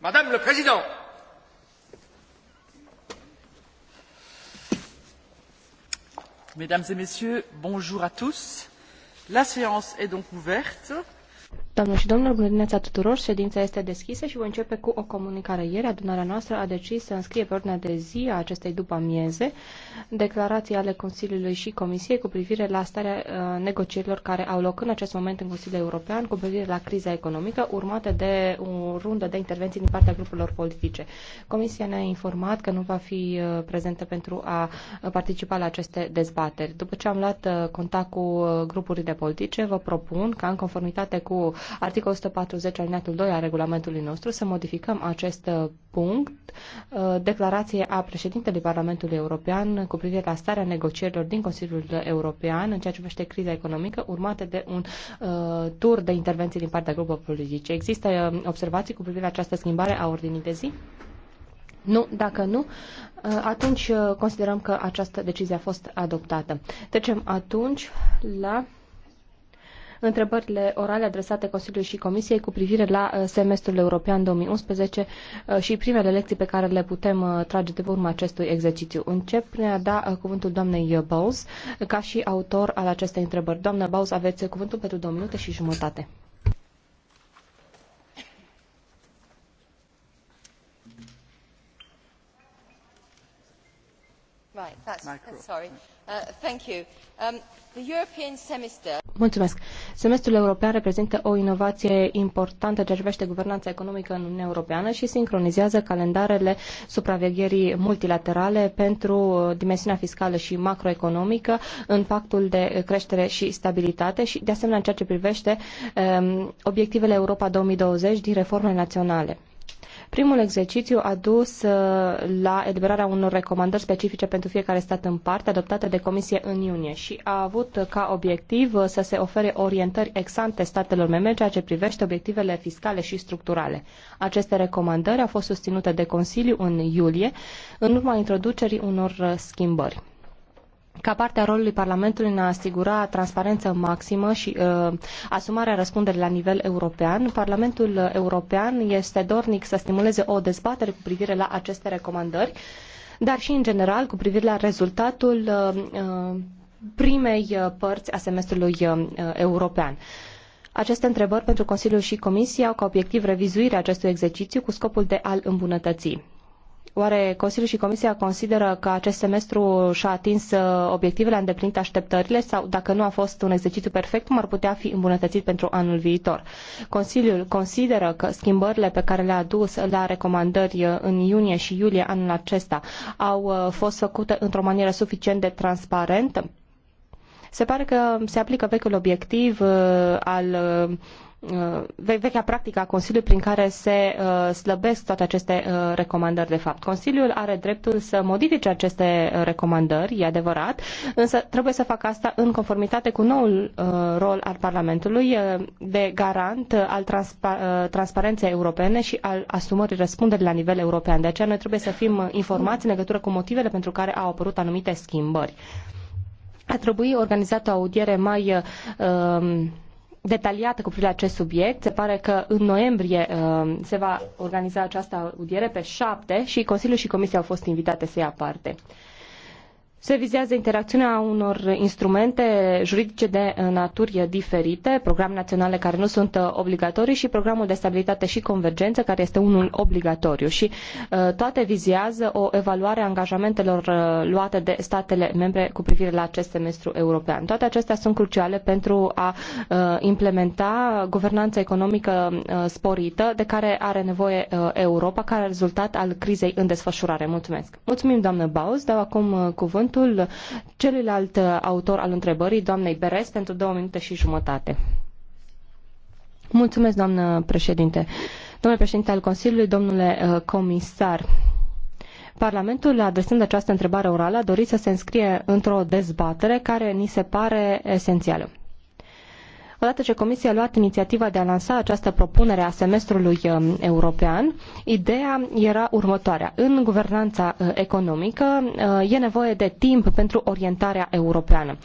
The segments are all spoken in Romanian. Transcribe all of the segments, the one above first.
Madame le Président, Mesdames et Messieurs, bonjour à tous. La séance est donc ouverte. Doamnelor și domnilor, bună dimineața tuturor. Ședința este deschisă și voi începe cu o comunicare. Ieri, adunarea noastră a decis să înscrie pe ordinea de zi a acestei după amieze declarații ale Consiliului și Comisiei cu privire la starea uh, negocierilor care au loc în acest moment în Consiliul European cu privire la criza economică, urmate de o rundă de intervenții din partea grupurilor politice. Comisia ne-a informat că nu va fi uh, prezentă pentru a participa la aceste dezbateri. După ce am luat uh, contact cu grupurile politice, vă propun ca în conformitate cu articolul 140 alineatul 2 al regulamentului nostru să modificăm acest uh, punct, uh, declarație a președintelui Parlamentului European cu privire la starea negocierilor din Consiliul European în ceea ce privește criza economică, urmată de un uh, tur de intervenții din partea grupului politice. Există uh, observații cu privire la această schimbare a ordinii de zi? Nu, dacă nu, atunci considerăm că această decizie a fost adoptată. Trecem atunci la întrebările orale adresate Consiliului și Comisiei cu privire la uh, semestrul european 2011 uh, și primele lecții pe care le putem uh, trage de urma acestui exercițiu. Încep prin a da cuvântul doamnei Bowles ca și autor al acestei întrebări. Doamna Bowles, aveți cuvântul pentru două minute și jumătate. Uh, um, Semestrul european reprezintă o inovație importantă ce privește guvernanța economică în Uniunea Europeană și sincronizează calendarele supravegherii multilaterale pentru uh, dimensiunea fiscală și macroeconomică în pactul de creștere și stabilitate și, de asemenea, în ceea ce privește um, obiectivele Europa 2020 din reformele naționale. Primul exercițiu a dus uh, la eliberarea unor recomandări specifice pentru fiecare stat în parte, adoptate de Comisie în iunie și a avut ca obiectiv uh, să se ofere orientări exante statelor membre ceea ce privește obiectivele fiscale și structurale. Aceste recomandări au fost susținute de Consiliu în iulie, în urma introducerii unor uh, schimbări ca parte a rolului Parlamentului în a asigura transparență maximă și uh, asumarea răspunderii la nivel european, Parlamentul European este dornic să stimuleze o dezbatere cu privire la aceste recomandări, dar și în general cu privire la rezultatul uh, uh primei uh, părți a semestrului uh, european. Aceste întrebări pentru Consiliu și Comisie au ca obiectiv revizuirea acestui exercițiu cu scopul de a-l îmbunătăți. Oare Consiliul și Comisia consideră că acest semestru și-a atins uh, obiectivele, a îndeplinit așteptările sau dacă nu a fost un exercițiu perfect, cum ar putea fi îmbunătățit pentru anul viitor? Consiliul consideră că schimbările pe care le-a adus la recomandări uh, în iunie și iulie anul acesta au uh, fost făcute într-o manieră suficient de transparentă? Se pare că se aplică vechiul obiectiv al Uh, vechea practică a Consiliului prin care se uh, slăbesc toate aceste uh, recomandări de fapt. Consiliul are dreptul să modifice aceste recomandări, e adevărat, însă trebuie să facă asta în conformitate cu noul rol al Parlamentului de garant al transpa- transparenței europene și al asumării răspunderii la nivel european. De aceea noi trebuie să fim informați în legătură cu motivele pentru care au apărut anumite schimbări. A trebui organizată o audiere mai uh, detaliată cu privire la acest subiect. Se pare că în noiembrie uh, se va organiza această audiere pe 7 și Consiliul și Comisia au fost invitate să ia parte. Se vizează interacțiunea unor instrumente juridice de naturi diferite, programe naționale care nu sunt uh, obligatorii și programul de stabilitate și convergență care este unul obligatoriu și uh, toate vizează o evaluare a angajamentelor uh, luate de statele membre cu privire la acest semestru european. Toate acestea sunt cruciale pentru a implementa guvernanța economică sporită de care are nevoie Europa ca rezultat al crizei în desfășurare. Mulțumesc! Mulțumim, doamnă Baus. dau acum cuvânt cuvântul celuilalt autor al întrebării, doamnei Beres, pentru două minute și jumătate. Mulțumesc, doamnă președinte. Domnule președinte al Consiliului, domnule uh, comisar, Parlamentul, adresând această întrebare orală, a dorit să se înscrie într-o dezbatere care ni se pare esențială. Odată ce Comisia a luat inițiativa de a lansa această propunere a semestrului uh, european, ideea era următoarea. În guvernanța uh, economică uh, e nevoie de timp pentru orientarea europeană.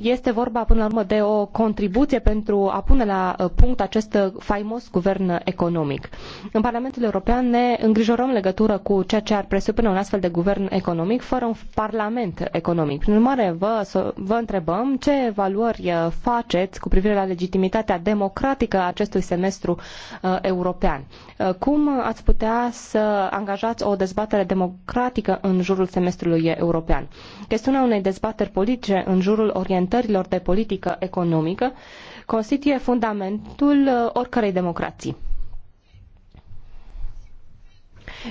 Este vorba până la urmă de o contribuție pentru a pune la punct acest faimos guvern economic. În Parlamentul European ne îngrijorăm legătură cu ceea ce ar presupune un astfel de guvern economic fără un parlament economic. Prin urmare, vă, vă întrebăm ce evaluări face aveți cu privire la legitimitatea democratică a acestui semestru uh, european. Uh, cum ați putea să angajați o dezbatere democratică în jurul semestrului european? Chestiunea unei dezbateri politice în jurul orientărilor de politică economică constituie fundamentul uh, oricărei democrații.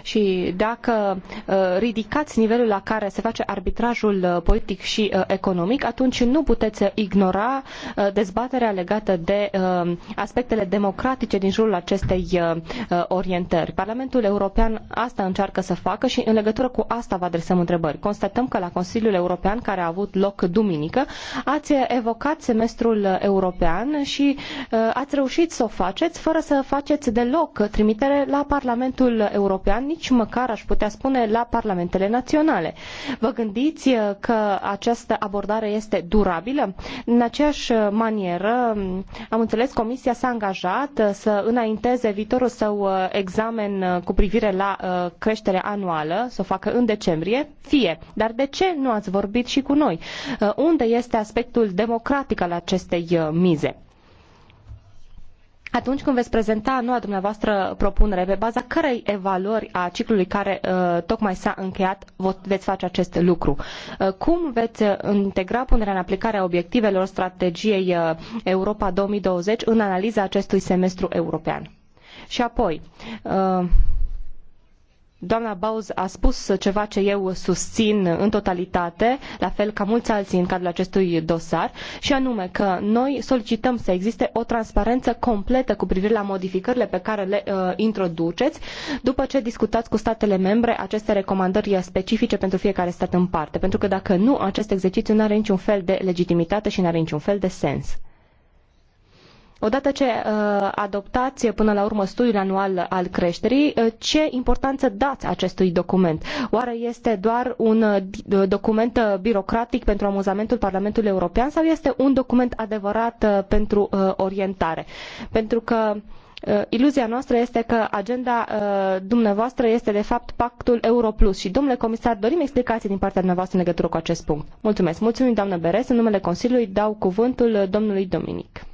Și dacă uh, ridicați nivelul la care se face arbitrajul uh, politic și uh, economic, atunci nu puteți ignora dezbaterea legată de aspectele democratice din jurul acestei orientări. Parlamentul European asta încearcă să facă și în legătură cu asta vă adresăm întrebări. Constatăm că la Consiliul European care a avut loc duminică ați evocat semestrul european și ați reușit să o faceți fără să faceți deloc trimitere la Parlamentul European nici măcar, aș putea spune, la parlamentele naționale. Vă gândiți uh, că această abordare este durabilă? În aceeași uh, manieră, am înțeles, Comisia s-a angajat uh, să înainteze viitorul său examen cu privire la creșterea anuală, să o facă în decembrie, fie. Dar de ce nu ați vorbit și cu noi? Unde este aspectul democratic al acestei mize? atunci când veți prezenta noua dumneavoastră propunere, pe baza cărei evaluări a ciclului care uh, tocmai s-a încheiat veți face acest lucru? Uh, cum veți uh, integra punerea în aplicare a obiectivelor strategiei uh, Europa 2020 în analiza acestui semestru european? Și apoi, uh, Doamna Bauz a spus ceva ce eu susțin în totalitate, la fel ca mulți alții în cadrul acestui dosar, și anume că noi solicităm să existe o transparență completă cu privire la modificările pe care le uh, introduceți după ce discutați cu statele membre aceste recomandări specifice pentru fiecare stat în parte. Pentru că dacă nu, acest exercițiu nu are niciun fel de legitimitate și nu are niciun fel de sens. Odată ce uh, adoptați până la urmă studiul anual al creșterii, uh, ce importanță dați acestui document? Oare este doar un uh, document birocratic pentru amuzamentul Parlamentului European sau este un document adevărat pentru orientare? Pentru că iluzia noastră este că agenda dumneavoastră este de fapt pactul Euro Plus și domnule comisar, dorim explicații din partea dumneavoastră în legătură cu acest punct. Mulțumesc. Mulțumim, doamnă Beres. În numele Consiliului dau cuvântul domnului Dominic.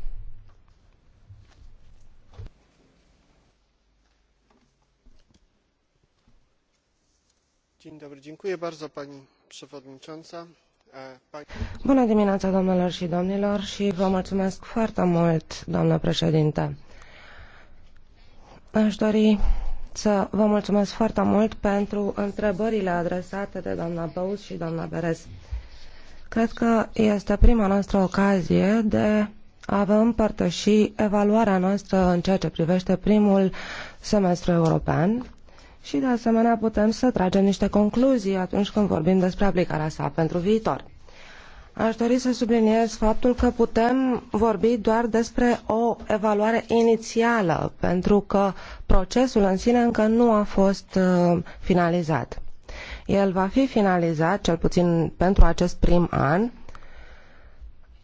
Bună dimineața, domnilor și domnilor, și vă mulțumesc foarte mult, doamnă președinte. Aș dori să vă mulțumesc foarte mult pentru întrebările adresate de doamna Băuz și doamna Beres. Cred că este prima noastră ocazie de a vă împărtăși evaluarea noastră în ceea ce privește primul semestru european, și de asemenea putem să tragem niște concluzii atunci când vorbim despre aplicarea sa pentru viitor. Aș dori să subliniez faptul că putem vorbi doar despre o evaluare inițială, pentru că procesul în sine încă nu a fost uh, finalizat. El va fi finalizat, cel puțin pentru acest prim an,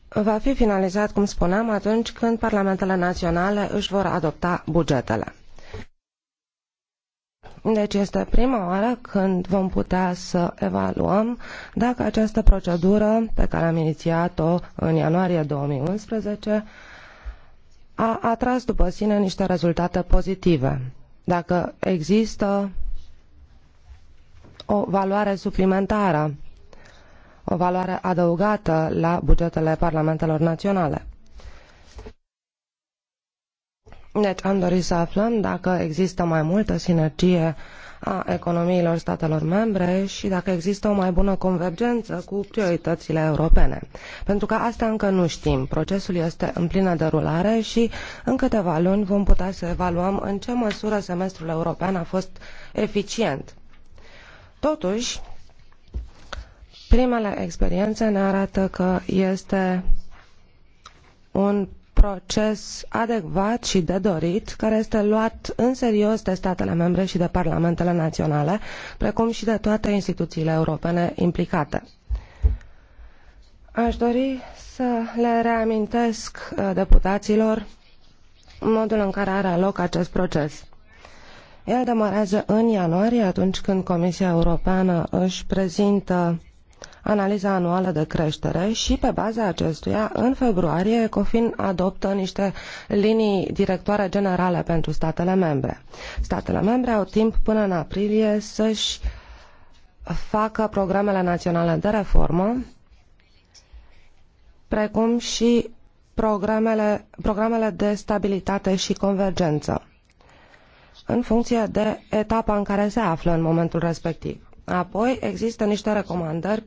va fi finalizat, cum spuneam, atunci când parlamentele naționale își vor adopta bugetele. Deci este prima oară când vom putea să evaluăm dacă această procedură pe care am inițiat-o în ianuarie 2011 a atras după sine niște rezultate pozitive. Dacă există o valoare suplimentară, o valoare adăugată la bugetele parlamentelor naționale. Deci am dorit să aflăm dacă există mai multă sinergie a economiilor statelor membre și dacă există o mai bună convergență cu prioritățile europene. Pentru că asta încă nu știm. Procesul este în plină derulare și în câteva luni vom putea să evaluăm în ce măsură semestrul european a fost eficient. Totuși, primele experiențe ne arată că este un proces adecvat și de dorit, care este luat în serios de statele membre și de parlamentele naționale, precum și de toate instituțiile europene implicate. Aș dori să le reamintesc uh, deputaților modul în care are loc acest proces. El demarează în ianuarie, atunci când Comisia Europeană își prezintă analiza anuală de creștere și pe baza acestuia, în februarie, Ecofin adoptă niște linii directoare generale pentru statele membre. Statele membre au timp până în aprilie să-și facă programele naționale de reformă, precum și programele, programele de stabilitate și convergență, în funcție de etapa în care se află în momentul respectiv. Apoi există niște recomandări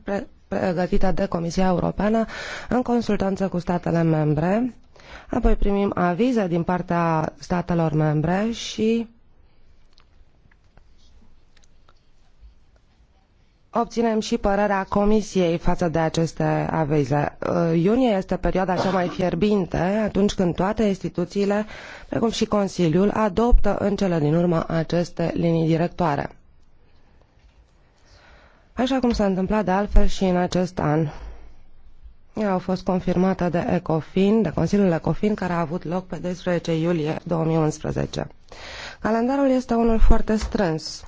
pregătite de Comisia Europeană în consultanță cu statele membre. Apoi primim avize din partea statelor membre și obținem și părerea Comisiei față de aceste avize. Uh, iunie este perioada cea mai fierbinte atunci când toate instituțiile, precum și Consiliul, adoptă în cele din urmă aceste linii directoare așa cum s-a întâmplat de altfel și în acest an. Ea au fost confirmate de ECOFIN, de Consiliul ECOFIN, care a avut loc pe 12 iulie 2011. Calendarul este unul foarte strâns.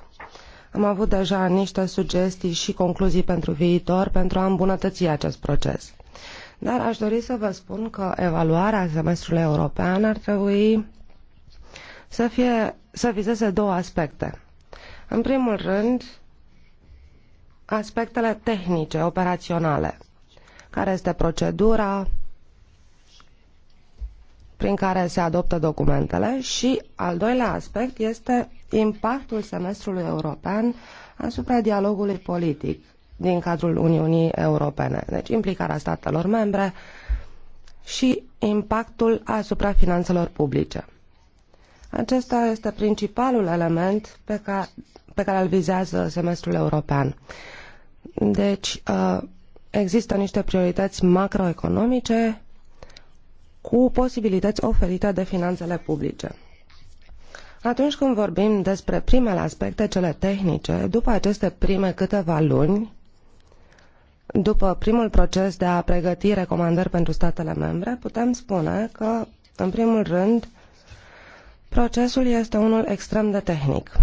Am avut deja niște sugestii și concluzii pentru viitor pentru a îmbunătăți acest proces. Dar aș dori să vă spun că evaluarea semestrului european ar trebui să, fie, să vizeze două aspecte. În primul rând, aspectele tehnice, operaționale. Care este procedura prin care se adoptă documentele și al doilea aspect este impactul semestrului european asupra dialogului politic din cadrul Uniunii Europene, deci implicarea statelor membre și impactul asupra finanțelor publice. Acesta este principalul element pe care, pe care îl vizează semestrul european. Deci, uh, există niște priorități macroeconomice cu posibilități oferite de finanțele publice. Atunci când vorbim despre primele aspecte, cele tehnice, după aceste prime câteva luni, după primul proces de a pregăti recomandări pentru statele membre, putem spune că, în primul rând, procesul este unul extrem de tehnic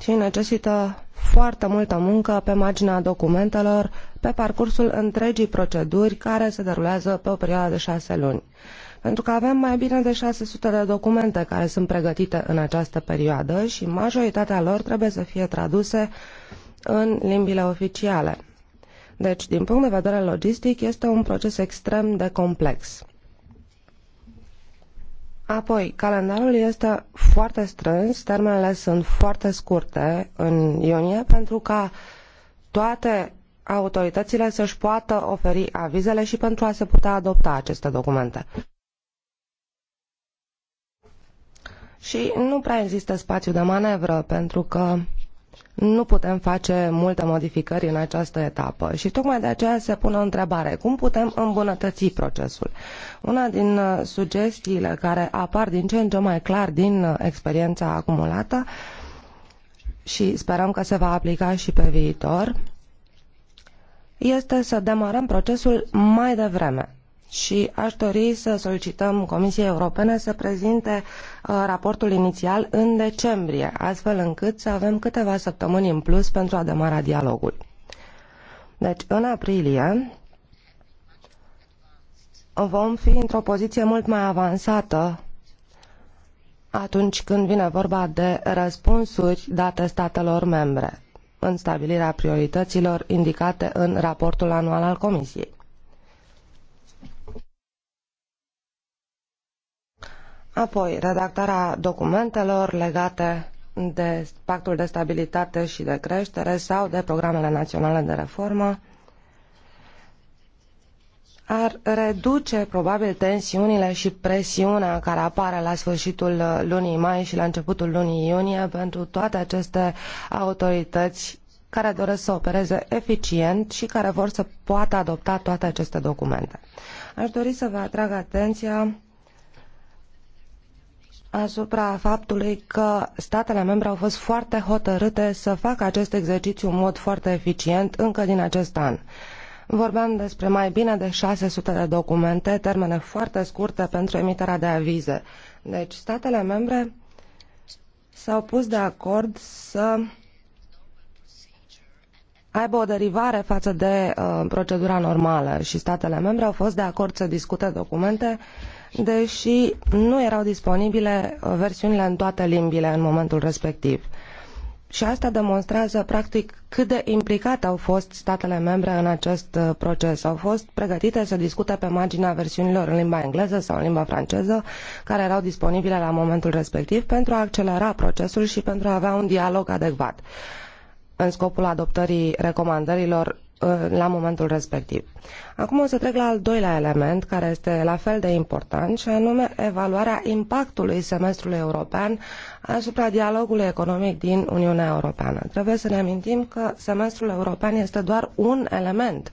și necesită foarte multă muncă pe marginea documentelor pe parcursul întregii proceduri care se derulează pe o perioadă de șase luni. Pentru că avem mai bine de 600 de documente care sunt pregătite în această perioadă și majoritatea lor trebuie să fie traduse în limbile oficiale. Deci, din punct de vedere logistic, este un proces extrem de complex. Apoi, calendarul este foarte strâns, termenele sunt foarte scurte în iunie pentru ca toate autoritățile să-și poată oferi avizele și pentru a se putea adopta aceste documente. Și nu prea există spațiu de manevră pentru că nu putem face multe modificări în această etapă și tocmai de aceea se pune o întrebare. Cum putem îmbunătăți procesul? Una din uh, sugestiile care apar din ce în ce mai clar din uh, experiența acumulată și sperăm că se va aplica și pe viitor, este să demarăm procesul mai devreme și aș dori să solicităm Comisiei Europene să prezinte uh, raportul inițial în decembrie, astfel încât să avem câteva săptămâni în plus pentru a demara dialogul. Deci, în aprilie vom fi într-o poziție mult mai avansată atunci când vine vorba de răspunsuri date statelor membre în stabilirea priorităților indicate în raportul anual al Comisiei. Apoi, redactarea documentelor legate de pactul de stabilitate și de creștere sau de programele naționale de reformă ar reduce probabil tensiunile și presiunea care apare la sfârșitul lunii mai și la începutul lunii iunie pentru toate aceste autorități care doresc să opereze eficient și care vor să poată adopta toate aceste documente. Aș dori să vă atrag atenția asupra faptului că statele membre au fost foarte hotărâte să facă acest exercițiu în mod foarte eficient încă din acest an. Vorbeam despre mai bine de 600 de documente, termene foarte scurte pentru emiterea de avize. Deci statele membre s-au pus de acord să aibă o derivare față de uh, procedura normală și statele membre au fost de acord să discute documente uh, deși nu erau disponibile uh, versiunile în toate limbile în momentul respectiv. Și asta demonstrează, practic, cât de implicate au fost statele membre în acest uh, proces. Au fost pregătite să discute pe marginea versiunilor în limba engleză sau în limba franceză, care erau disponibile la momentul respectiv, pentru a accelera procesul și pentru a avea un dialog adecvat în scopul adoptării recomandărilor Uh, la momentul respectiv. Acum o să trec la al doilea element, care este la fel de important, și anume evaluarea impactului semestrului european asupra dialogului economic din Uniunea Europeană. Trebuie să ne amintim că semestrul european este doar un element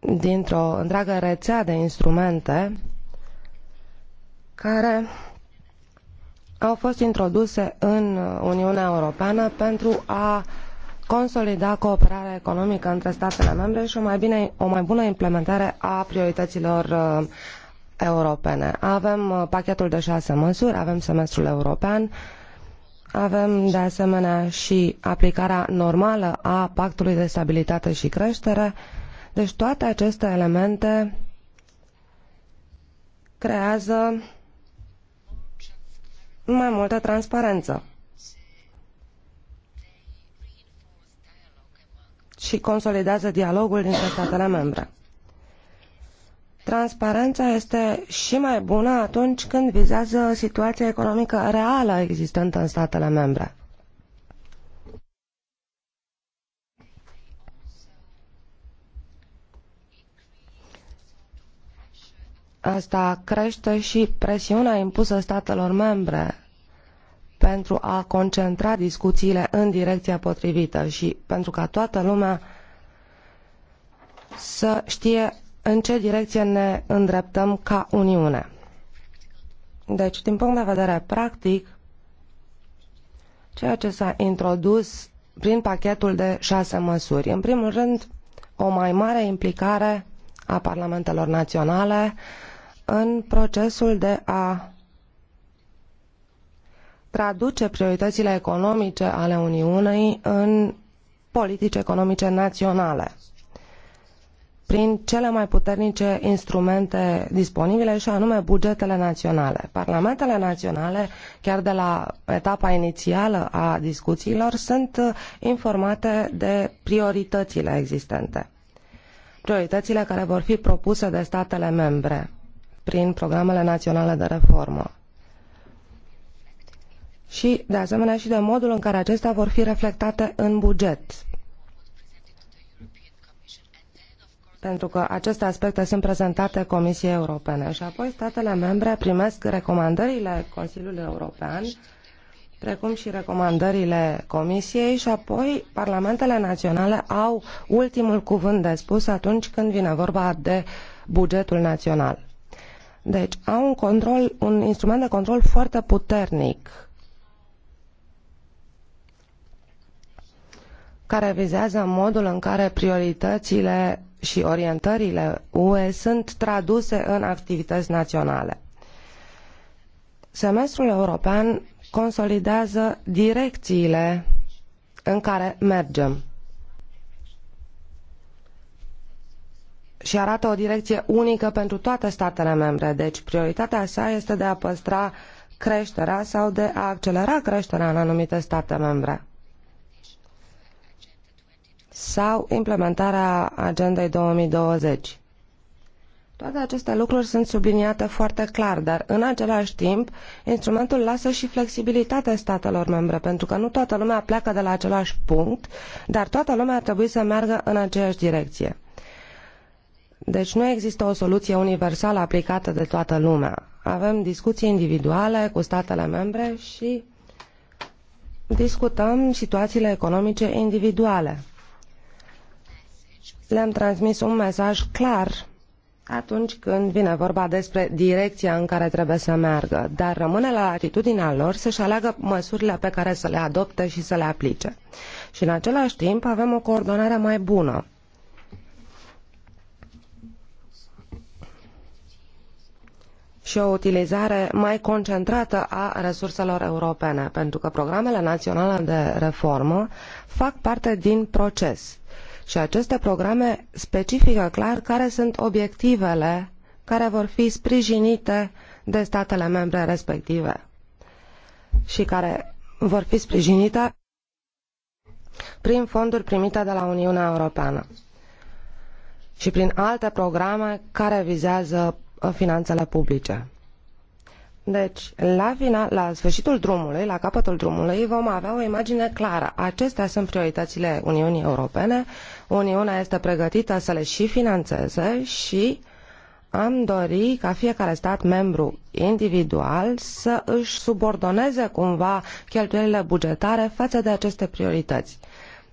dintr-o întreagă rețea de instrumente care au fost introduse în Uniunea Europeană pentru a uh, consolida cooperarea economică între statele membre și o mai, bine, o mai bună implementare a priorităților uh, europene. Avem uh, pachetul de șase măsuri, avem semestrul european, avem de asemenea și aplicarea normală a pactului de stabilitate și creștere. Deci toate aceste elemente creează mai multă transparență. și consolidează dialogul dintre statele membre. Transparența este și mai bună atunci când vizează situația economică reală existentă în statele membre. Asta crește și presiunea impusă statelor membre pentru a concentra discuțiile în direcția potrivită și pentru ca toată lumea să știe în ce direcție ne îndreptăm ca Uniune. Deci, din punct de vedere practic, ceea ce s-a introdus prin pachetul de șase măsuri. În primul rând, o mai mare implicare a parlamentelor naționale în procesul de a traduce prioritățile economice ale Uniunii în politici economice naționale prin cele mai puternice instrumente disponibile și anume bugetele naționale. Parlamentele naționale, chiar de la etapa inițială a discuțiilor, sunt uh, informate de prioritățile existente. Prioritățile care vor fi propuse de statele membre prin programele naționale de reformă și, de asemenea, și de modul în care acestea vor fi reflectate în buget. Pentru că aceste aspecte sunt prezentate Comisiei Europene și apoi statele membre primesc recomandările Consiliului European precum și recomandările Comisiei și apoi parlamentele naționale au ultimul cuvânt de spus atunci când vine vorba de bugetul național. Deci au un, control, un instrument de control foarte puternic care vizează modul în care prioritățile și orientările UE sunt traduse în activități naționale. Semestrul european consolidează direcțiile în care mergem și arată o direcție unică pentru toate statele membre. Deci prioritatea sa este de a păstra creșterea sau de a accelera creșterea în anumite state membre sau implementarea Agendei 2020. Toate aceste lucruri sunt subliniate foarte clar, dar în același timp instrumentul lasă și flexibilitatea statelor membre, pentru că nu toată lumea pleacă de la același punct, dar toată lumea ar trebui să meargă în aceeași direcție. Deci nu există o soluție universală aplicată de toată lumea. Avem discuții individuale cu statele membre și discutăm situațiile economice individuale le-am transmis un mesaj clar atunci când vine vorba despre direcția în care trebuie să meargă, dar rămâne la atitudinea lor să-și aleagă măsurile pe care să le adopte și să le aplice. Și în același timp avem o coordonare mai bună. și o utilizare mai concentrată a resurselor europene, pentru că programele naționale de reformă fac parte din proces și aceste programe specifică clar care sunt obiectivele care vor fi sprijinite de statele membre respective și care vor fi sprijinite prin fonduri primite de la Uniunea Europeană și prin alte programe care vizează uh, finanțele publice. Deci, la, final, la sfârșitul drumului, la capătul drumului, vom avea o imagine clară. Acestea sunt prioritățile Uniunii Europene Uniunea este pregătită să le și financeze și am dori ca fiecare stat membru individual să își subordoneze cumva cheltuielile bugetare față de aceste priorități.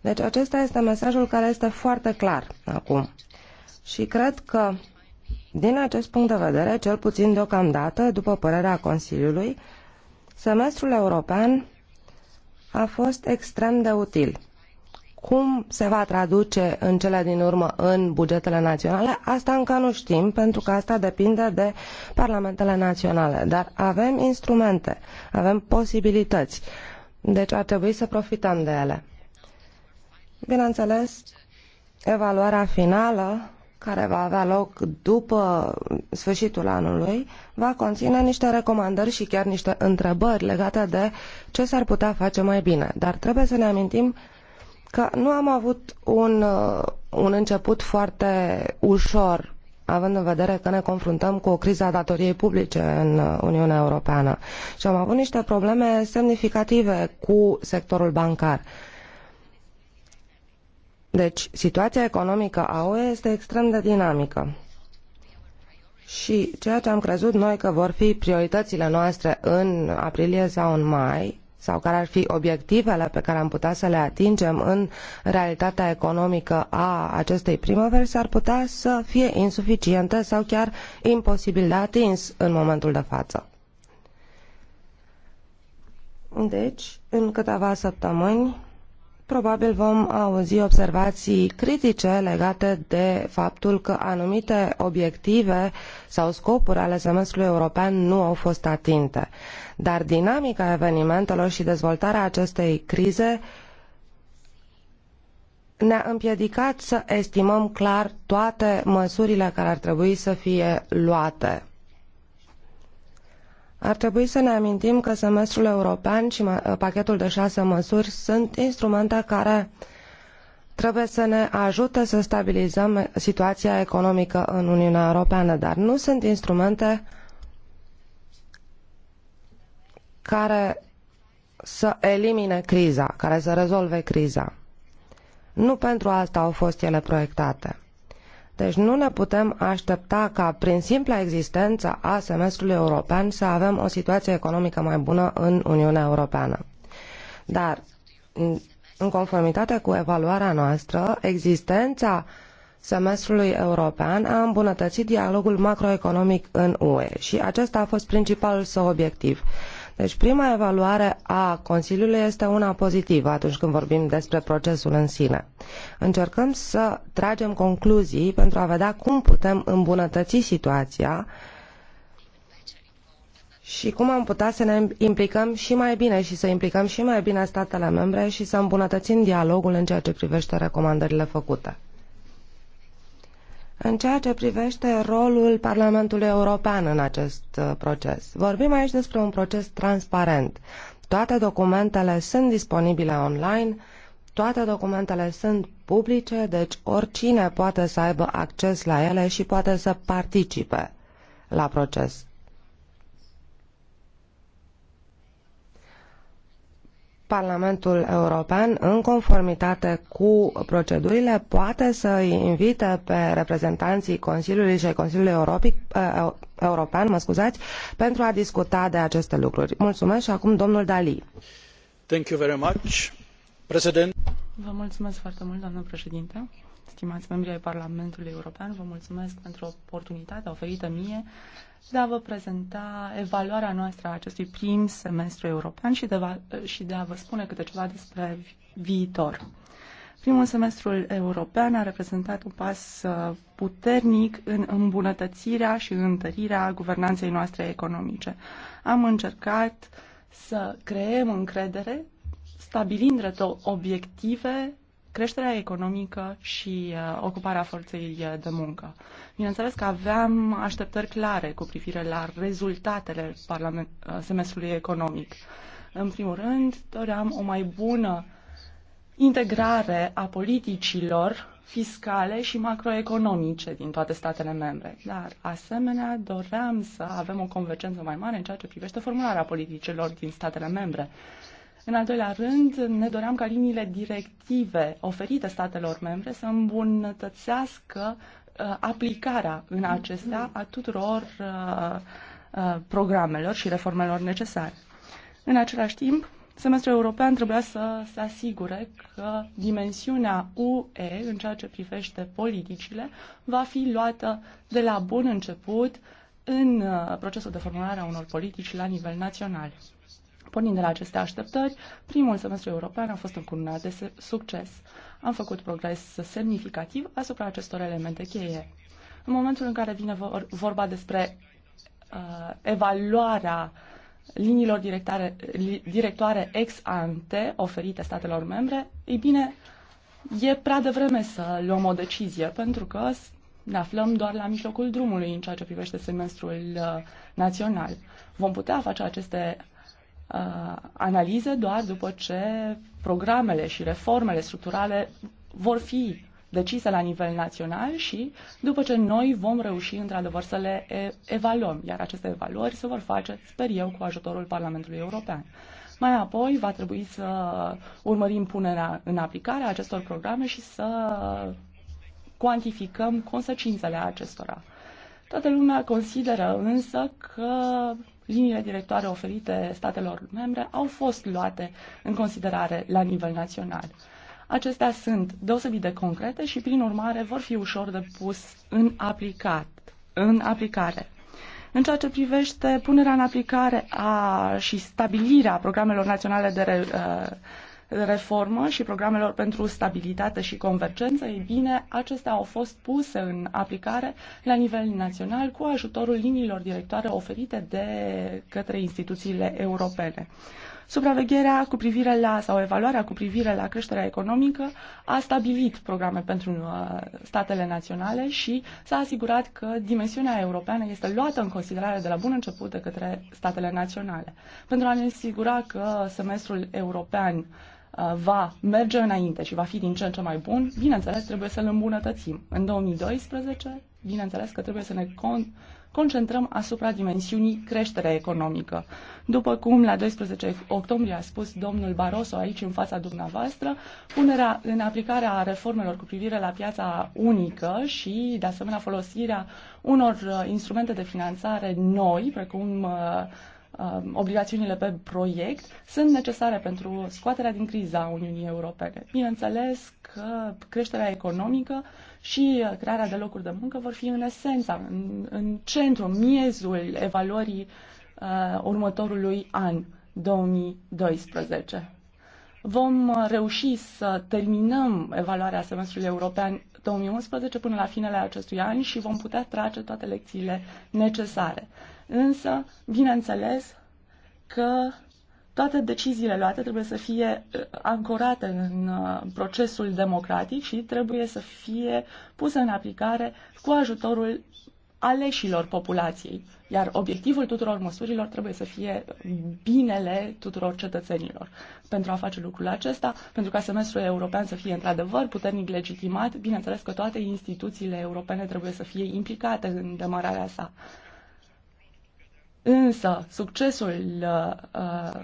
Deci acesta este mesajul care este foarte clar acum. Și cred că, din acest punct de vedere, cel puțin deocamdată, după părerea Consiliului, semestrul european a fost extrem de util. Cum se va traduce în cele din urmă în bugetele naționale? Asta încă nu știm, pentru că asta depinde de parlamentele naționale. Dar avem instrumente, avem posibilități. Deci ar trebui să profităm de ele. Bineînțeles, evaluarea finală care va avea loc după sfârșitul anului, va conține niște recomandări și chiar niște întrebări legate de ce s-ar putea face mai bine. Dar trebuie să ne amintim că nu am avut un, uh, un început foarte ușor având în vedere că ne confruntăm cu o criză a datoriei publice în uh, Uniunea Europeană și am avut niște probleme semnificative cu sectorul bancar. Deci, situația economică a UE este extrem de dinamică. Și ceea ce am crezut noi că vor fi prioritățile noastre în aprilie sau în mai, sau care ar fi obiectivele pe care am putea să le atingem în realitatea economică a acestei primăveri s-ar putea să fie insuficiente sau chiar imposibil de atins în momentul de față. Deci, în câteva săptămâni, probabil vom auzi observații critice legate de faptul că anumite obiective sau scopuri ale semestrului european nu au fost atinse. Dar dinamica evenimentelor și dezvoltarea acestei crize ne-a împiedicat să estimăm clar toate măsurile care ar trebui să fie luate ar trebui să ne amintim că semestrul european și ă, pachetul de șase măsuri sunt instrumente care trebuie să ne ajute să stabilizăm situația economică în Uniunea Europeană, dar nu sunt instrumente care să elimine criza, care să rezolve criza. Nu pentru asta au fost ele proiectate. Deci nu ne putem aștepta ca prin simpla existență a semestrului european să avem o situație economică mai bună în Uniunea Europeană. Dar, în conformitate cu evaluarea noastră, existența semestrului european a îmbunătățit dialogul macroeconomic în UE și acesta a fost principalul său obiectiv deci prima evaluare a Consiliului este una pozitivă atunci când vorbim despre procesul în sine. Încercăm să tragem concluzii pentru a vedea cum putem îmbunătăți situația și cum am putea să ne implicăm și mai bine și să implicăm și mai bine statele membre și să îmbunătățim dialogul în ceea ce privește recomandările făcute în ceea ce privește rolul Parlamentului European în acest uh, proces. Vorbim aici despre un proces transparent. Toate documentele sunt disponibile online, toate documentele sunt publice, deci oricine poate să aibă acces la ele și poate să participe la proces. Parlamentul European, în conformitate cu procedurile, poate să invite pe reprezentanții Consiliului și ai Consiliului Europic, eh, European mă scuzați, pentru a discuta de aceste lucruri. Mulțumesc și acum domnul Dali. Thank you very much. President. Vă mulțumesc foarte mult, doamnă președinte, stimați membri ai Parlamentului European, vă mulțumesc pentru oportunitatea oferită mie de a vă prezenta evaluarea noastră a acestui prim semestru european și de, va, și de a vă spune câte ceva despre viitor. Primul semestru european a reprezentat un pas uh, puternic în îmbunătățirea și întărirea guvernanței noastre economice. Am încercat să creăm încredere, stabilind obiective creșterea economică și uh, ocuparea forței uh, de muncă. Bineînțeles că aveam așteptări clare cu privire la rezultatele parlament, uh, semestrului economic. În primul rând, doream o mai bună integrare a politicilor fiscale și macroeconomice din toate statele membre. Dar, asemenea, doream să avem o convergență mai mare în ceea ce privește formularea politicilor din statele membre. În al doilea rând, ne doream ca liniile directive oferite statelor membre să îmbunătățească uh, aplicarea în acestea a tuturor uh, uh, programelor și reformelor necesare. În același timp, semestrul european trebuia să se asigure că dimensiunea UE în ceea ce privește politicile va fi luată de la bun început în procesul de formulare a unor politici la nivel național. Pornind de la aceste așteptări, primul semestru european a fost încununat de succes. Am făcut progres semnificativ asupra acestor elemente cheie. În momentul în care vine vorba despre uh, evaluarea liniilor directoare ex ante oferite statelor membre, ei bine, e prea devreme să luăm o decizie, pentru că ne aflăm doar la mijlocul drumului în ceea ce privește semestrul uh, național. Vom putea face aceste Uh, analize doar după ce programele și reformele structurale vor fi decise la nivel național și după ce noi vom reuși într-adevăr să le evaluăm, iar aceste evaluări se vor face, sper eu, cu ajutorul Parlamentului European. Mai apoi va trebui să urmărim punerea în aplicare a acestor programe și să cuantificăm consecințele acestora. Toată lumea consideră însă că liniile directoare oferite statelor membre au fost luate în considerare la nivel național. Acestea sunt deosebit de concrete și, prin urmare, vor fi ușor de pus în, aplicat, în aplicare. În ceea ce privește punerea în aplicare a, și stabilirea programelor naționale de re, uh, reformă și programelor pentru stabilitate și convergență, ei bine, acestea au fost puse în aplicare la nivel național cu ajutorul liniilor directoare oferite de către instituțiile europene. Supravegherea cu privire la sau evaluarea cu privire la creșterea economică a stabilit programe pentru uh, statele naționale și s-a asigurat că dimensiunea europeană este luată în considerare de la bun început de către statele naționale. Pentru a ne asigura că semestrul european Uh, va merge înainte și va fi din ce în ce mai bun, bineînțeles trebuie să-l îmbunătățim. În 2012, bineînțeles că trebuie să ne con- concentrăm asupra dimensiunii creștere economică. După cum la 12 octombrie a spus domnul Barroso aici în fața dumneavoastră, punerea în aplicare a reformelor cu privire la piața unică și, de asemenea, folosirea unor uh, instrumente de finanțare noi, precum uh, Um, obligațiunile pe proiect sunt necesare pentru scoaterea din criza Uniunii Europene. Bineînțeles că creșterea economică și uh, crearea de locuri de muncă vor fi în esența, în, în centru, miezul evaluării uh, următorului an, 2012. Vom uh, reuși să terminăm evaluarea semestrului european 2011 până la finele acestui an și vom putea trage toate lecțiile necesare. Însă, bineînțeles că toate deciziile luate trebuie să fie uh, ancorate în uh, procesul democratic și trebuie să fie puse în aplicare cu ajutorul aleșilor populației, iar obiectivul tuturor măsurilor trebuie să fie binele tuturor cetățenilor. Pentru a face lucrul acesta, pentru ca semestrul european să fie într-adevăr puternic legitimat, bineînțeles că toate instituțiile europene trebuie să fie implicate în demararea sa. Însă, succesul uh,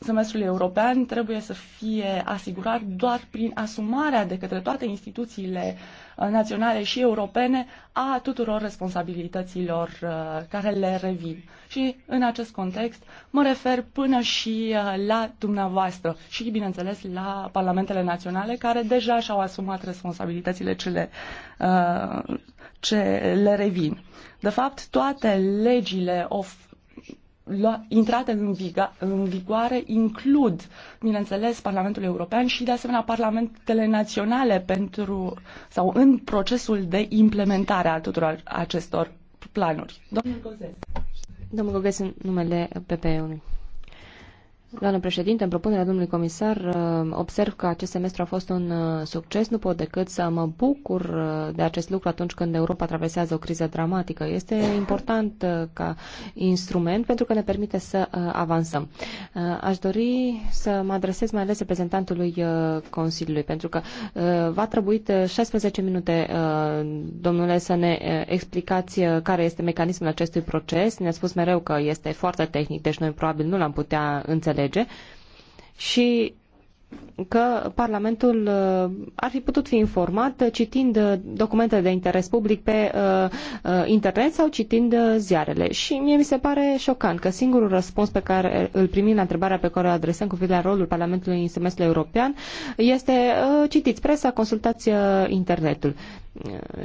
semestrului european trebuie să fie asigurat doar prin asumarea de către toate instituțiile uh, naționale și europene a tuturor responsabilităților uh, care le revin. Și în acest context mă refer până și uh, la dumneavoastră și, bineînțeles, la parlamentele naționale care deja și-au asumat responsabilitățile cele uh, ce le revin. De fapt, toate legile of, intrate în, viga, în vigoare includ, bineînțeles, Parlamentul European și, de asemenea, parlamentele naționale pentru sau în procesul de implementare a tuturor acestor planuri. Domnul Gozes. Domnul Gozes, în numele PPE-ului. Doamnă președinte, în propunerea domnului comisar, uh, observ că acest semestru a fost un uh, succes. Nu pot decât să mă bucur uh, de acest lucru atunci când Europa traversează o criză dramatică. Este important ca instrument pentru că ne permite să avansăm. Aș dori să mă adresez mai ales reprezentantului Consiliului, pentru că va trebui 16 minute, domnule, să ne explicați care este mecanismul acestui proces. Ne-a spus mereu că este foarte tehnic, deci noi probabil nu l-am putea înțelege înțelege și că Parlamentul uh, ar fi putut fi informat uh, citind uh, documente de interes public pe internet sau citind ziarele. Și mie mi se pare șocant că singurul răspuns pe care îl primim la întrebarea pe care o adresăm cu privire la rolul Parlamentului în semestrul european este citiți presa, consultați internetul.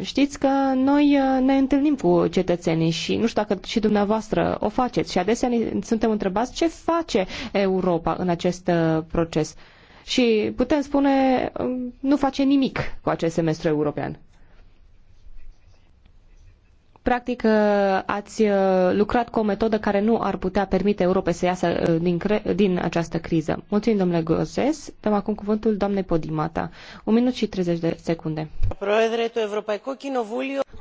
Știți că noi ne întâlnim cu cetățenii și nu știu dacă și dumneavoastră o faceți și adesea suntem întrebați ce face Europa în acest proces și putem spune um, nu face nimic cu acest semestru european. Practic, uh, ați uh, lucrat cu o metodă care nu ar putea permite Europei să iasă uh, din, din această criză. Mulțumim, domnule Goses. Dăm acum cuvântul doamnei Podimata. Un minut și 30 de secunde.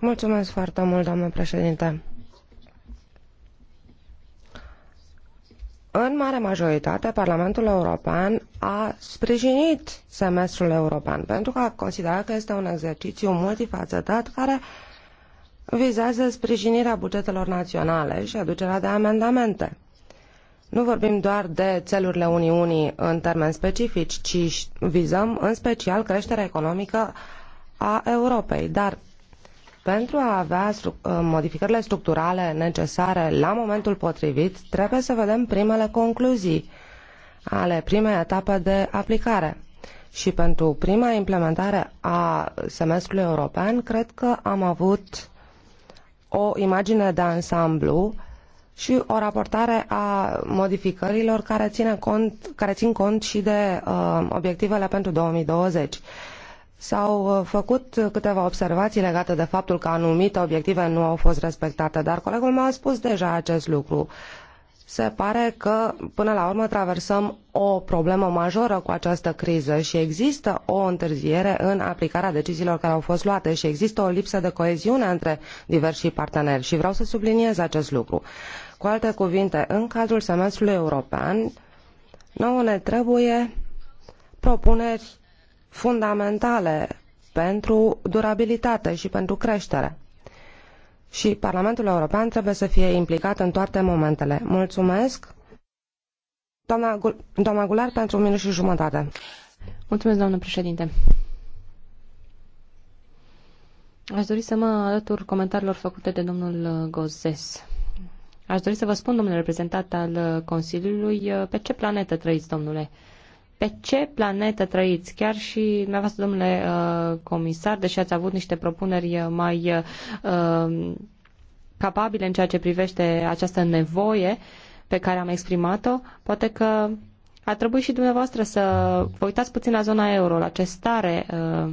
Mulțumesc foarte mult, doamnă președinte în mare majoritate, Parlamentul European a sprijinit semestrul european pentru că a considerat că este un exercițiu multifacetat care vizează sprijinirea bugetelor naționale și aducerea de amendamente. Nu vorbim doar de țelurile Uniunii în termeni specifici, ci vizăm în special creșterea economică a Europei. Dar pentru a avea stru uh, modificările structurale necesare la momentul potrivit, trebuie să vedem primele concluzii ale primei etape de aplicare. Și pentru prima implementare a semestrului european, cred că am avut o imagine de ansamblu și o raportare a modificărilor care, ține cont, care țin cont și de uh, obiectivele pentru 2020. S-au uh, făcut câteva observații legate de faptul că anumite obiective nu au fost respectate, dar colegul meu a spus deja acest lucru. Se pare că, până la urmă, traversăm o problemă majoră cu această criză și există o întârziere în aplicarea deciziilor care au fost luate și există o lipsă de coeziune între diversi parteneri și vreau să subliniez acest lucru. Cu alte cuvinte, în cadrul semestrului european, nouă ne trebuie propuneri fundamentale pentru durabilitate și pentru creștere. Și Parlamentul European trebuie să fie implicat în toate momentele. Mulțumesc! Doamna, doamna Gular, pentru un minut și jumătate. Mulțumesc, doamnă președinte. Aș dori să mă alătur comentariilor făcute de domnul Gozes. Aș dori să vă spun, domnule reprezentant al Consiliului, pe ce planetă trăiți, domnule? Pe ce planetă trăiți? Chiar și dumneavoastră, domnule uh, comisar, deși ați avut niște propuneri mai uh, capabile în ceea ce privește această nevoie pe care am exprimat-o, poate că ar trebui și dumneavoastră să vă uitați puțin la zona euro, la ce stare, uh,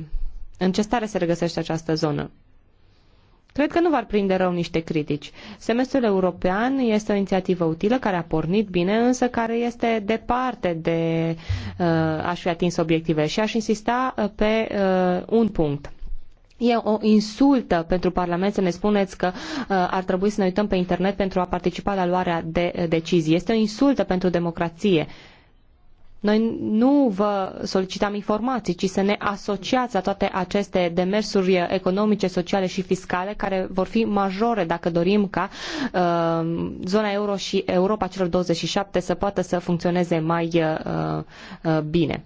în ce stare se regăsește această zonă. Cred că nu v-ar prinde rău niște critici. Semestrul european este o inițiativă utilă care a pornit bine, însă care este departe de uh, a-și fi atins obiective și aș insista uh, pe uh, un punct. E o insultă pentru Parlament să ne spuneți că uh, ar trebui să ne uităm pe internet pentru a participa la luarea de uh, decizii. Este o insultă pentru democrație. Noi nu vă solicităm informații, ci să ne asociați la toate aceste demersuri economice, sociale și fiscale care vor fi majore dacă dorim ca uh, zona euro și Europa celor 27 să poată să funcționeze mai uh, uh, bine.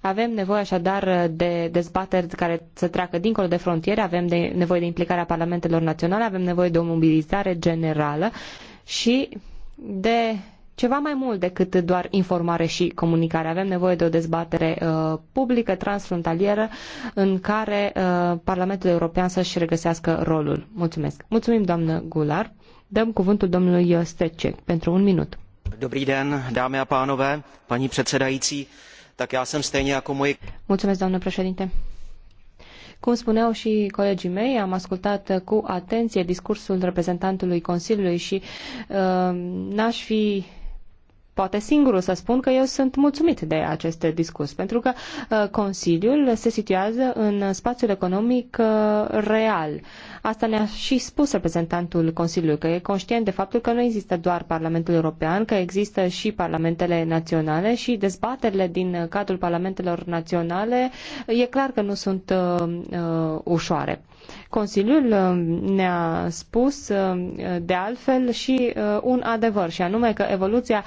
Avem nevoie așadar de dezbateri care să treacă dincolo de frontiere, avem de, nevoie de implicarea parlamentelor naționale, avem nevoie de o mobilizare generală și de ceva mai mult decât doar informare și comunicare. Avem nevoie de o dezbatere uh, publică, transfrontalieră, în care uh, Parlamentul European să-și regăsească rolul. Mulțumesc. Mulțumim, doamnă Gular. Dăm cuvântul domnului Strecek pentru un minut. Dobrý den, dámy a pánové, paní předsedající, tak já jsem stejně jako moji... Mulțumesc, doamnă președinte. Cum spuneau și colegii mei, am ascultat cu atenție discursul reprezentantului Consiliului și uh, n-aș fi poate singurul să spun că eu sunt mulțumit de acest discurs, pentru că uh, Consiliul se situează în spațiul economic uh, real. Asta ne-a și spus reprezentantul Consiliului, că e conștient de faptul că nu există doar Parlamentul European, că există și Parlamentele Naționale și dezbaterile din cadrul Parlamentelor Naționale e clar că nu sunt uh, uh, ușoare. Consiliul uh, ne-a spus uh, de altfel și uh, un adevăr, și anume că evoluția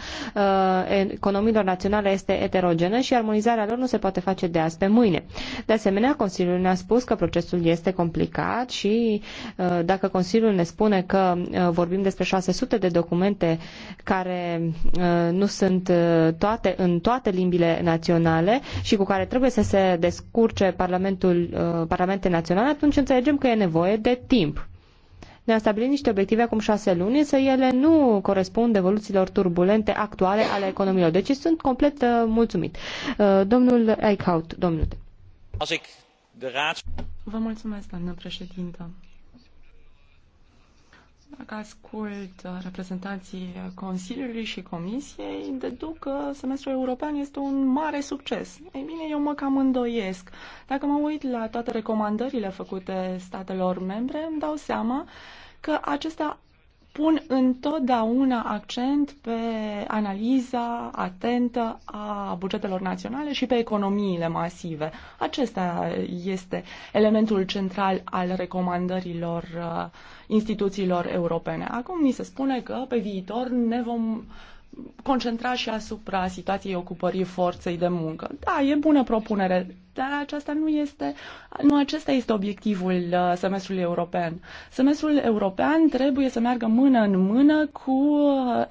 economiilor naționale este eterogenă și armonizarea lor nu se poate face de azi pe mâine. De asemenea, Consiliul ne-a spus că procesul este complicat și dacă Consiliul ne spune că vorbim despre 600 de documente care nu sunt toate în toate limbile naționale și cu care trebuie să se descurce Parlamentul, Parlamente Naționale, atunci înțelegem înțelegem că e nevoie de timp. Ne-am stabilit niște obiective acum șase luni, însă ele nu corespund evoluțiilor turbulente actuale ale economiilor. Deci sunt complet uh, mulțumit. Uh, domnul Eichhout, domnule. Vă mulțumesc, doamnă președintă ascult uh, reprezentanții Consiliului și Comisiei, deduc că semestrul european este un mare succes. Ei bine, eu mă cam îndoiesc. Dacă mă uit la toate recomandările făcute statelor membre, îmi dau seama că acestea pun întotdeauna accent pe analiza atentă a bugetelor naționale și pe economiile masive. Acesta este elementul central al recomandărilor uh, instituțiilor europene. Acum ni se spune că pe viitor ne vom uh, concentra și asupra situației ocupării forței de muncă. Da, e bună propunere, dar aceasta nu este, nu acesta este obiectivul uh, semestrului european. Semestrul european trebuie să meargă mână în mână cu uh,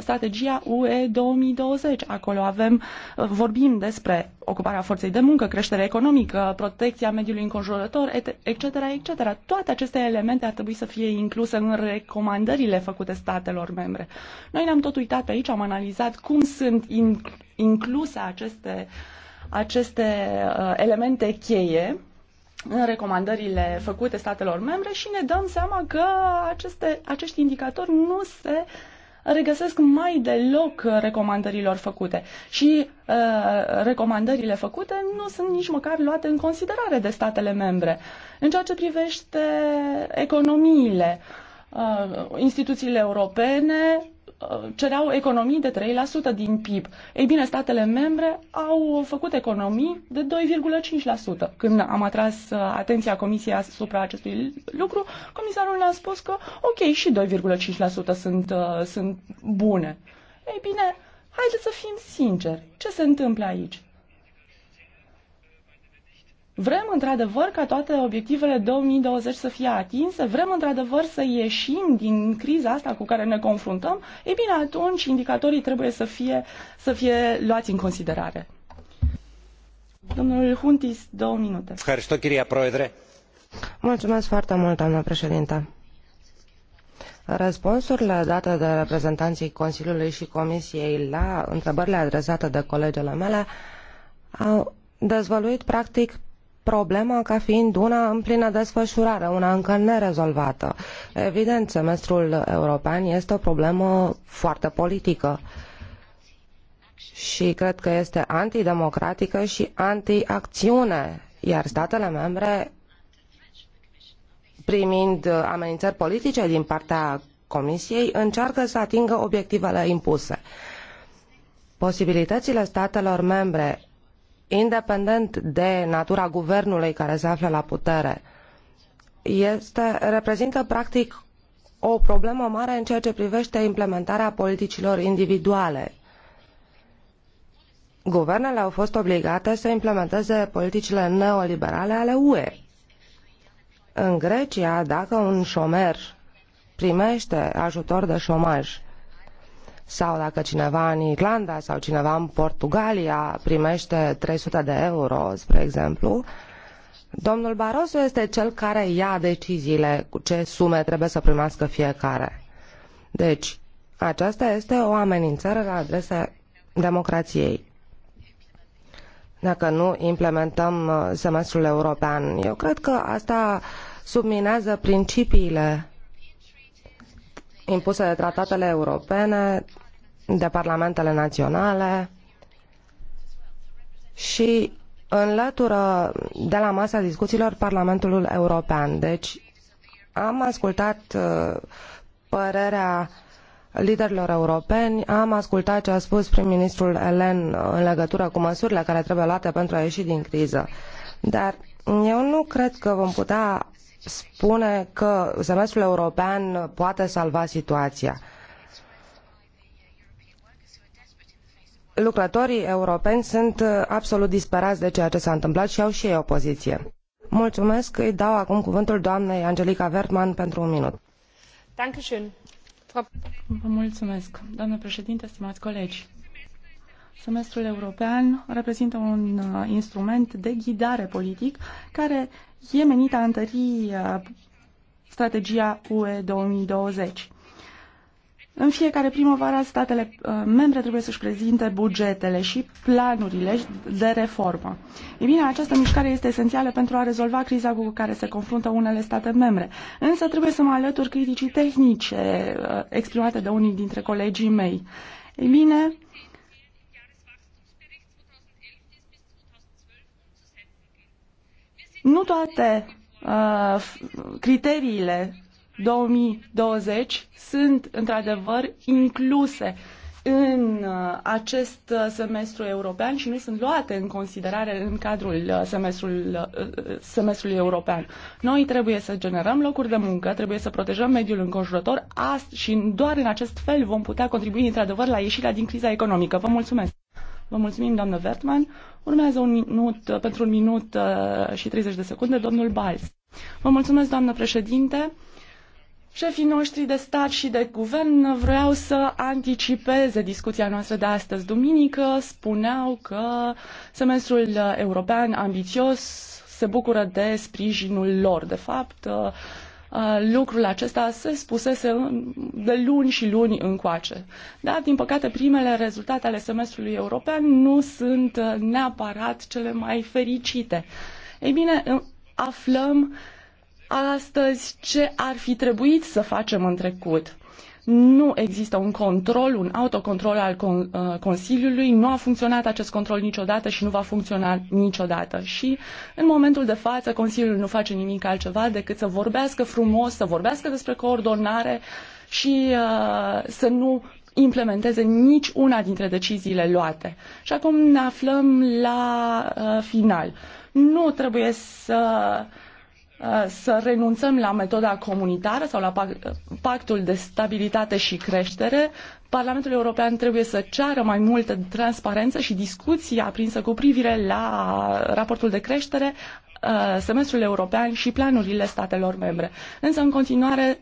strategia UE 2020. Acolo avem, vorbim despre ocuparea forței de muncă, creștere economică, protecția mediului înconjurător, etc., etc. Toate aceste elemente ar trebui să fie incluse în recomandările făcute statelor membre. Noi ne-am tot uitat pe aici, am analizat cum sunt incluse aceste, aceste uh, elemente cheie în recomandările făcute statelor membre și ne dăm seama că aceste, acești indicatori nu se uh, regăsesc mai deloc recomandărilor făcute. Și uh, recomandările făcute nu sunt nici măcar luate în considerare de statele membre. În ceea ce privește economiile, uh, instituțiile europene Uh, cereau economii de 3% din PIB. Ei bine, statele membre au făcut economii de 2,5%. Când am atras uh, atenția Comisiei asupra acestui lucru, comisarul ne-a spus că, ok, și 2,5% sunt, uh, sunt bune. Ei bine, haideți să fim sinceri. Ce se întâmplă aici? Vrem într-adevăr ca toate obiectivele 2020 să fie atinse? Vrem într-adevăr să ieșim din criza asta cu care ne confruntăm? E bine, atunci indicatorii trebuie să fie, să fie luați în considerare. Domnul Huntis, două minute. Mulțumesc foarte mult, doamnă președinte. Răspunsurile date de reprezentanții Consiliului și Comisiei la întrebările adresate de colegele mele au dezvăluit practic problema ca fiind una în plină desfășurare, una încă nerezolvată. Evident, semestrul european este o problemă foarte politică și cred că este antidemocratică și antiacțiune, iar statele membre primind amenințări politice din partea Comisiei, încearcă să atingă obiectivele impuse. Posibilitățile statelor membre independent de natura guvernului care se află la putere, este, reprezintă practic o problemă mare în ceea ce privește implementarea politicilor individuale. Guvernele au fost obligate să implementeze politicile neoliberale ale UE. În Grecia, dacă un șomer primește ajutor de șomaj sau dacă cineva în Irlanda sau cineva în Portugalia primește 300 de euro, spre exemplu, domnul Barroso este cel care ia deciziile cu ce sume trebuie să primească fiecare. Deci, aceasta este o amenințare la adresa democrației. Dacă nu implementăm uh, semestrul european, eu cred că asta subminează principiile impuse de tratatele europene, de parlamentele naționale și înlătură de la masa discuțiilor Parlamentul European. Deci am ascultat uh, părerea liderilor europeni, am ascultat ce a spus prim-ministrul Elen uh, în legătură cu măsurile care trebuie luate pentru a ieși din criză. Dar eu nu cred că vom putea spune că semestrul european poate salva situația. Lucrătorii europeni sunt absolut disperați de ceea ce s-a întâmplat și au și ei o poziție. Mulțumesc, îi dau acum cuvântul doamnei Angelica Vertman pentru un minut. Vă mulțumesc, doamnă președinte, stimați colegi. Semestrul european reprezintă un uh, instrument de ghidare politic care e menită a întări uh, strategia UE 2020. În fiecare primăvară, statele uh, membre trebuie să-și prezinte bugetele și planurile de reformă. Ei bine, această mișcare este esențială pentru a rezolva criza cu care se confruntă unele state membre. Însă trebuie să mă alătur criticii tehnice uh, exprimate de unii dintre colegii mei. Ei bine, Nu toate uh, criteriile 2020 sunt într-adevăr incluse în uh, acest uh, semestru european și nu sunt luate în considerare în cadrul uh, semestrul, semestrului european. Noi trebuie să generăm locuri de muncă, trebuie să protejăm mediul înconjurător ast- și doar în acest fel vom putea contribui într-adevăr la ieșirea din criza economică. Vă mulțumesc! Vă mulțumim, doamnă Vertman. Urmează un minut, uh, pentru un minut uh, și 30 de secunde, domnul Balz. Vă mulțumesc, doamnă președinte. Șefii noștri de stat și de guvern vreau să anticipeze discuția noastră de astăzi. Duminică spuneau că semestrul european ambițios se bucură de sprijinul lor. De fapt, uh, Uh, lucrul acesta se spusese de luni și luni încoace. Dar, din păcate, primele rezultate ale semestrului european nu sunt uh, neapărat cele mai fericite. Ei bine, uh, aflăm astăzi ce ar fi trebuit să facem în trecut nu există un control, un autocontrol al uh, Consiliului, nu a funcționat acest control niciodată și nu va funcționa niciodată. Și în momentul de față Consiliul nu face nimic altceva decât să vorbească frumos, să vorbească despre coordonare și uh, să nu implementeze nici una dintre deciziile luate. Și acum ne aflăm la uh, final. Nu trebuie să uh, Uh, să renunțăm la metoda comunitară sau la uh, pactul de stabilitate și creștere, Parlamentul European trebuie să ceară mai multă transparență și discuții aprinsă cu privire la raportul de creștere, uh, semestrul european și planurile statelor membre. Însă, în continuare,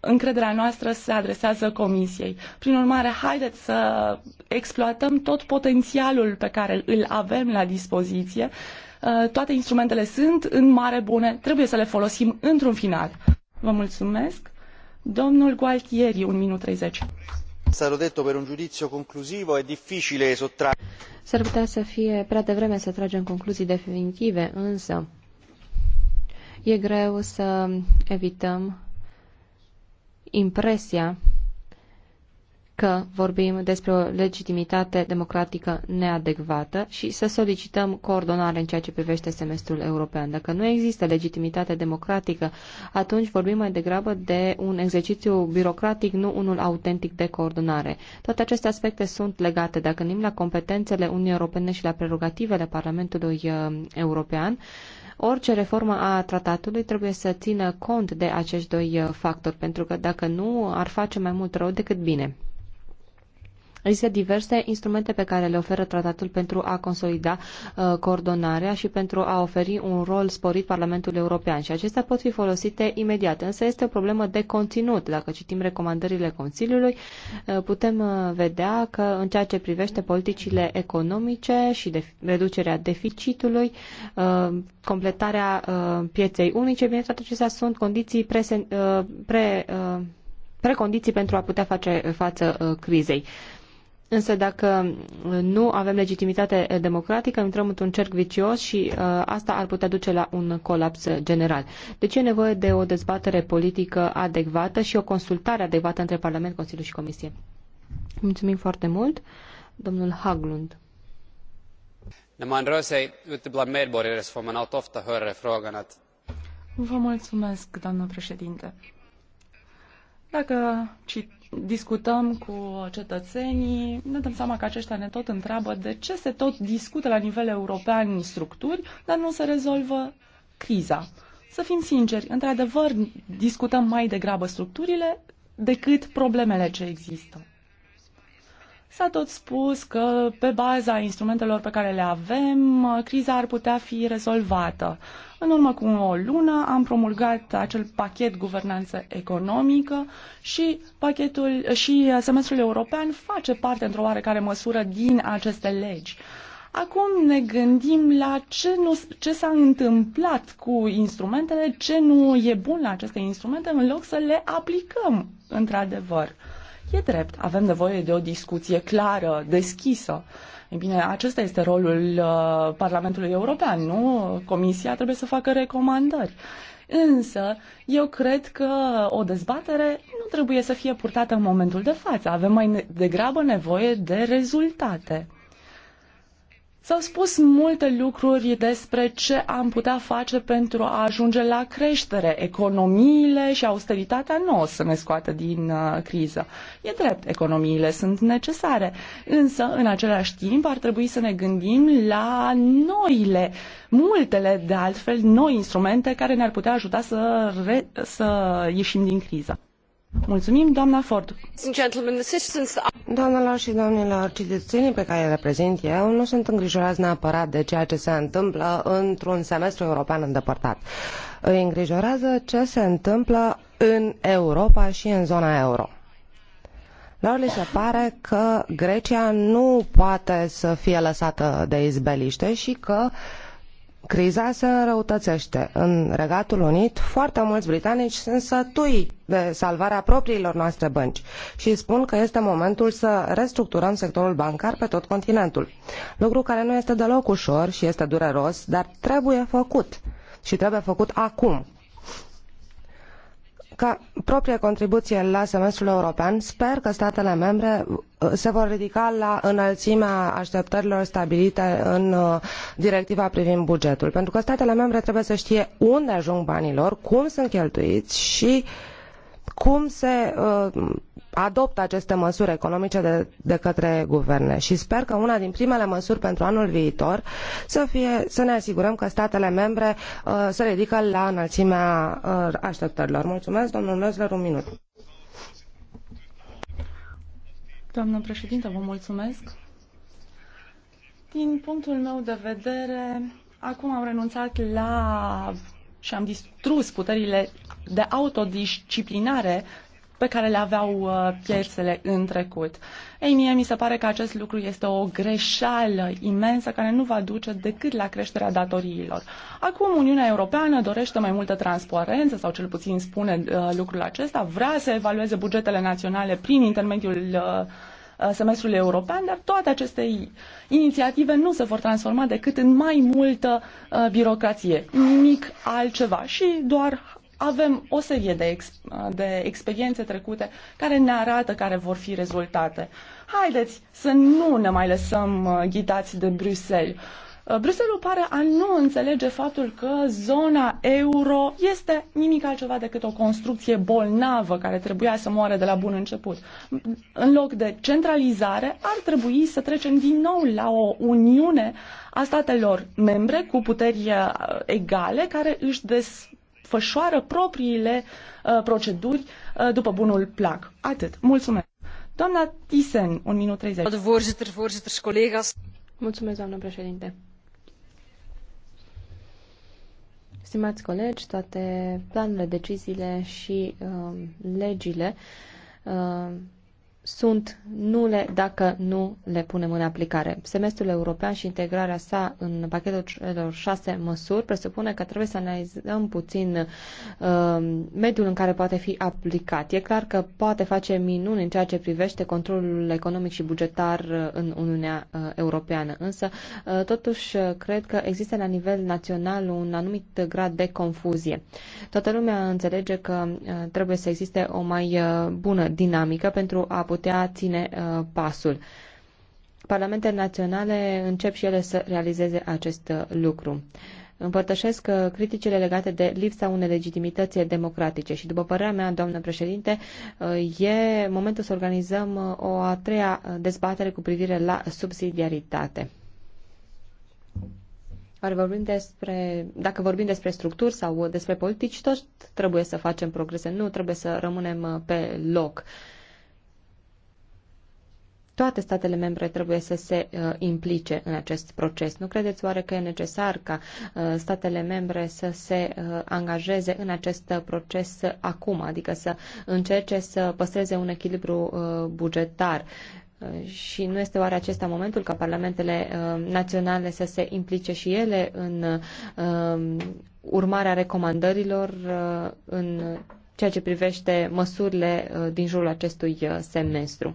încrederea noastră se adresează Comisiei. Prin urmare, haideți să exploatăm tot potențialul pe care îl avem la dispoziție Uh, toate instrumentele sunt în mare bune, trebuie să le folosim într-un final. Vă mulțumesc. Domnul Gualtieri, un minut 30 stato detto per un giudizio conclusivo è difficile sottrarre. S-ar putea să fie prea devreme să tragem concluzii definitive, însă e greu să evităm impresia că vorbim despre o legitimitate democratică neadecvată și să solicităm coordonare în ceea ce privește semestrul european. Dacă nu există legitimitate democratică, atunci vorbim mai degrabă de un exercițiu birocratic, nu unul autentic de coordonare. Toate aceste aspecte sunt legate. Dacă gândim la competențele Uniunii Europene și la prerogativele Parlamentului uh, European, Orice reformă a tratatului trebuie să țină cont de acești doi uh, factori, pentru că dacă nu, ar face mai mult rău decât bine. Există diverse instrumente pe care le oferă tratatul pentru a consolida uh, coordonarea și pentru a oferi un rol sporit Parlamentului European și acestea pot fi folosite imediat, însă este o problemă de conținut. Dacă citim recomandările Consiliului, uh, putem uh, vedea că în ceea ce privește politicile economice și de, reducerea deficitului, uh, completarea uh, pieței unice, bine, toate acestea sunt condiții presen, uh, pre, precondiții pentru a putea face față crizei. Însă dacă uh, nu avem legitimitate eh, democratică, intrăm într-un cerc vicios și uh, asta ar putea duce la un colaps eh, general. Deci e nevoie de o dezbatere politică adecvată și o consultare adecvată între Parlament, Consiliu și Comisie. Mulțumim foarte mult, domnul Haglund. När man rör sig ute bland medborgare så får man allt ofta höra frågan att... Vă mulțumesc, doamnă președinte. Dacă cit discutăm cu cetățenii, ne dăm seama că aceștia ne tot întreabă de ce se tot discută la nivel european structuri, dar nu se rezolvă criza. Să fim sinceri, într-adevăr discutăm mai degrabă structurile decât problemele ce există. S-a tot spus că pe baza instrumentelor pe care le avem, criza ar putea fi rezolvată. În urmă cu o lună am promulgat acel pachet guvernanță economică și pachetul și semestrul european face parte într-o oarecare măsură din aceste legi. Acum ne gândim la ce, nu, ce s-a întâmplat cu instrumentele, ce nu e bun la aceste instrumente, în loc să le aplicăm într-adevăr. Uh, E drept, avem nevoie de o discuție clară, deschisă. Ei bine, acesta este rolul uh, Parlamentului European, nu? Comisia trebuie să facă recomandări. Însă, eu cred că o dezbatere nu trebuie să fie purtată în momentul de față. Avem mai degrabă nevoie de rezultate. S-au spus multe lucruri despre ce am putea face pentru a ajunge la creștere. Economiile și austeritatea nu o să ne scoată din uh, criză. E drept, economiile sunt necesare, însă în același timp ar trebui să ne gândim la noile, multele de altfel, noi instrumente care ne-ar putea ajuta să, re- să ieșim din criză. Mulțumim, doamna Ford. Doamnelor și domnilor, cetățenii pe care îi reprezint eu nu sunt îngrijorați neapărat de ceea ce se întâmplă într-un semestru european îndepărtat. Îi îngrijorează ce se întâmplă în Europa și în zona euro. Lor li se pare că Grecia nu poate să fie lăsată de izbeliște și că uh, criza se răutățește. În Regatul Unit, foarte mulți britanici sunt sătui de salvarea propriilor noastre bănci și spun că este momentul să restructurăm sectorul bancar pe tot continentul. Lucru care nu este deloc ușor și este dureros, dar trebuie făcut. Și trebuie făcut acum ca proprie contribuție la semestrul european, sper că statele membre uh, se vor ridica la înălimea ateptărilor stabilite în uh, directiva privind bugetul pentru că statele membre trebuie să tie unde ajung banii lor cum sunt cheltuii i cum se uh, adoptă aceste măsuri economice de, de către guverne și sper că una din primele măsuri pentru anul viitor să, fie, să ne asigurăm că statele membre uh, se ridică la înălțimea uh, așteptărilor. Mulțumesc, domnul Năzler, un minut. Doamnă Președinte, vă mulțumesc. Din punctul meu de vedere, acum am renunțat la și am distrus puterile de autodisciplinare pe care le aveau uh, piețele în trecut. Ei, mie mi se pare că acest lucru este o greșeală imensă care nu va duce decât la creșterea datoriilor. Acum Uniunea Europeană dorește mai multă transparență sau cel puțin spune uh, lucrul acesta, vrea să evalueze bugetele naționale prin intermediul uh, uh semestrului european, dar toate aceste inițiative nu se vor transforma decât în mai multă uh, birocrație. Nimic altceva și doar avem o serie de, ex, de experiențe trecute care ne arată care vor fi rezultate. Haideți să nu ne mai lăsăm uh, ghidați de Bruxelles. Uh, Bruxelles pare a nu înțelege faptul că zona euro este nimic altceva decât o construcție bolnavă care trebuia să moară de la bun început. În loc de centralizare, ar trebui să trecem din nou la o uniune a statelor membre cu puteri uh, egale care își des desfășoară propriile uh, proceduri uh, după bunul plac. Atât. Mulțumesc. Doamna Tisen, un minut 30. Voorzitter, voorzitter, collega's. Mulțumesc, doamnă președinte. Stimați colegi, toate planurile, deciziile și uh, legile uh, sunt nule dacă nu le punem în aplicare. Semestrul european și integrarea sa în pachetul celor șase măsuri presupune că trebuie să analizăm puțin uh, mediul în care poate fi aplicat. E clar că poate face minuni în ceea ce privește controlul economic și bugetar uh, în Uniunea uh, Europeană, însă uh, totuși uh, cred că există la nivel național un anumit grad de confuzie. Toată lumea înțelege că uh, trebuie să existe o mai uh, bună dinamică pentru a putea putea ține uh, pasul. Parlamentele naționale încep și ele să realizeze acest uh, lucru. Împărtășesc uh, criticile legate de lipsa unei legitimități democratice și, după părerea mea, doamnă președinte, e momentul să organizăm o a treia dezbatere cu privire la subsidiaritate. vorbim despre, dacă vorbim despre structuri sau despre politici, tot trebuie să facem progrese, nu trebuie să rămânem pe loc. Uh, toate statele membre trebuie să se uh, implice în acest proces. Nu credeți oare că e necesar ca uh, statele membre să se uh, angajeze în acest proces acum, adică să încerce să păstreze un echilibru uh, bugetar? Uh, și nu este oare acesta momentul ca parlamentele uh, naționale să se implice și ele în uh, urmarea recomandărilor uh, în ceea ce privește măsurile uh, din jurul acestui uh, semestru?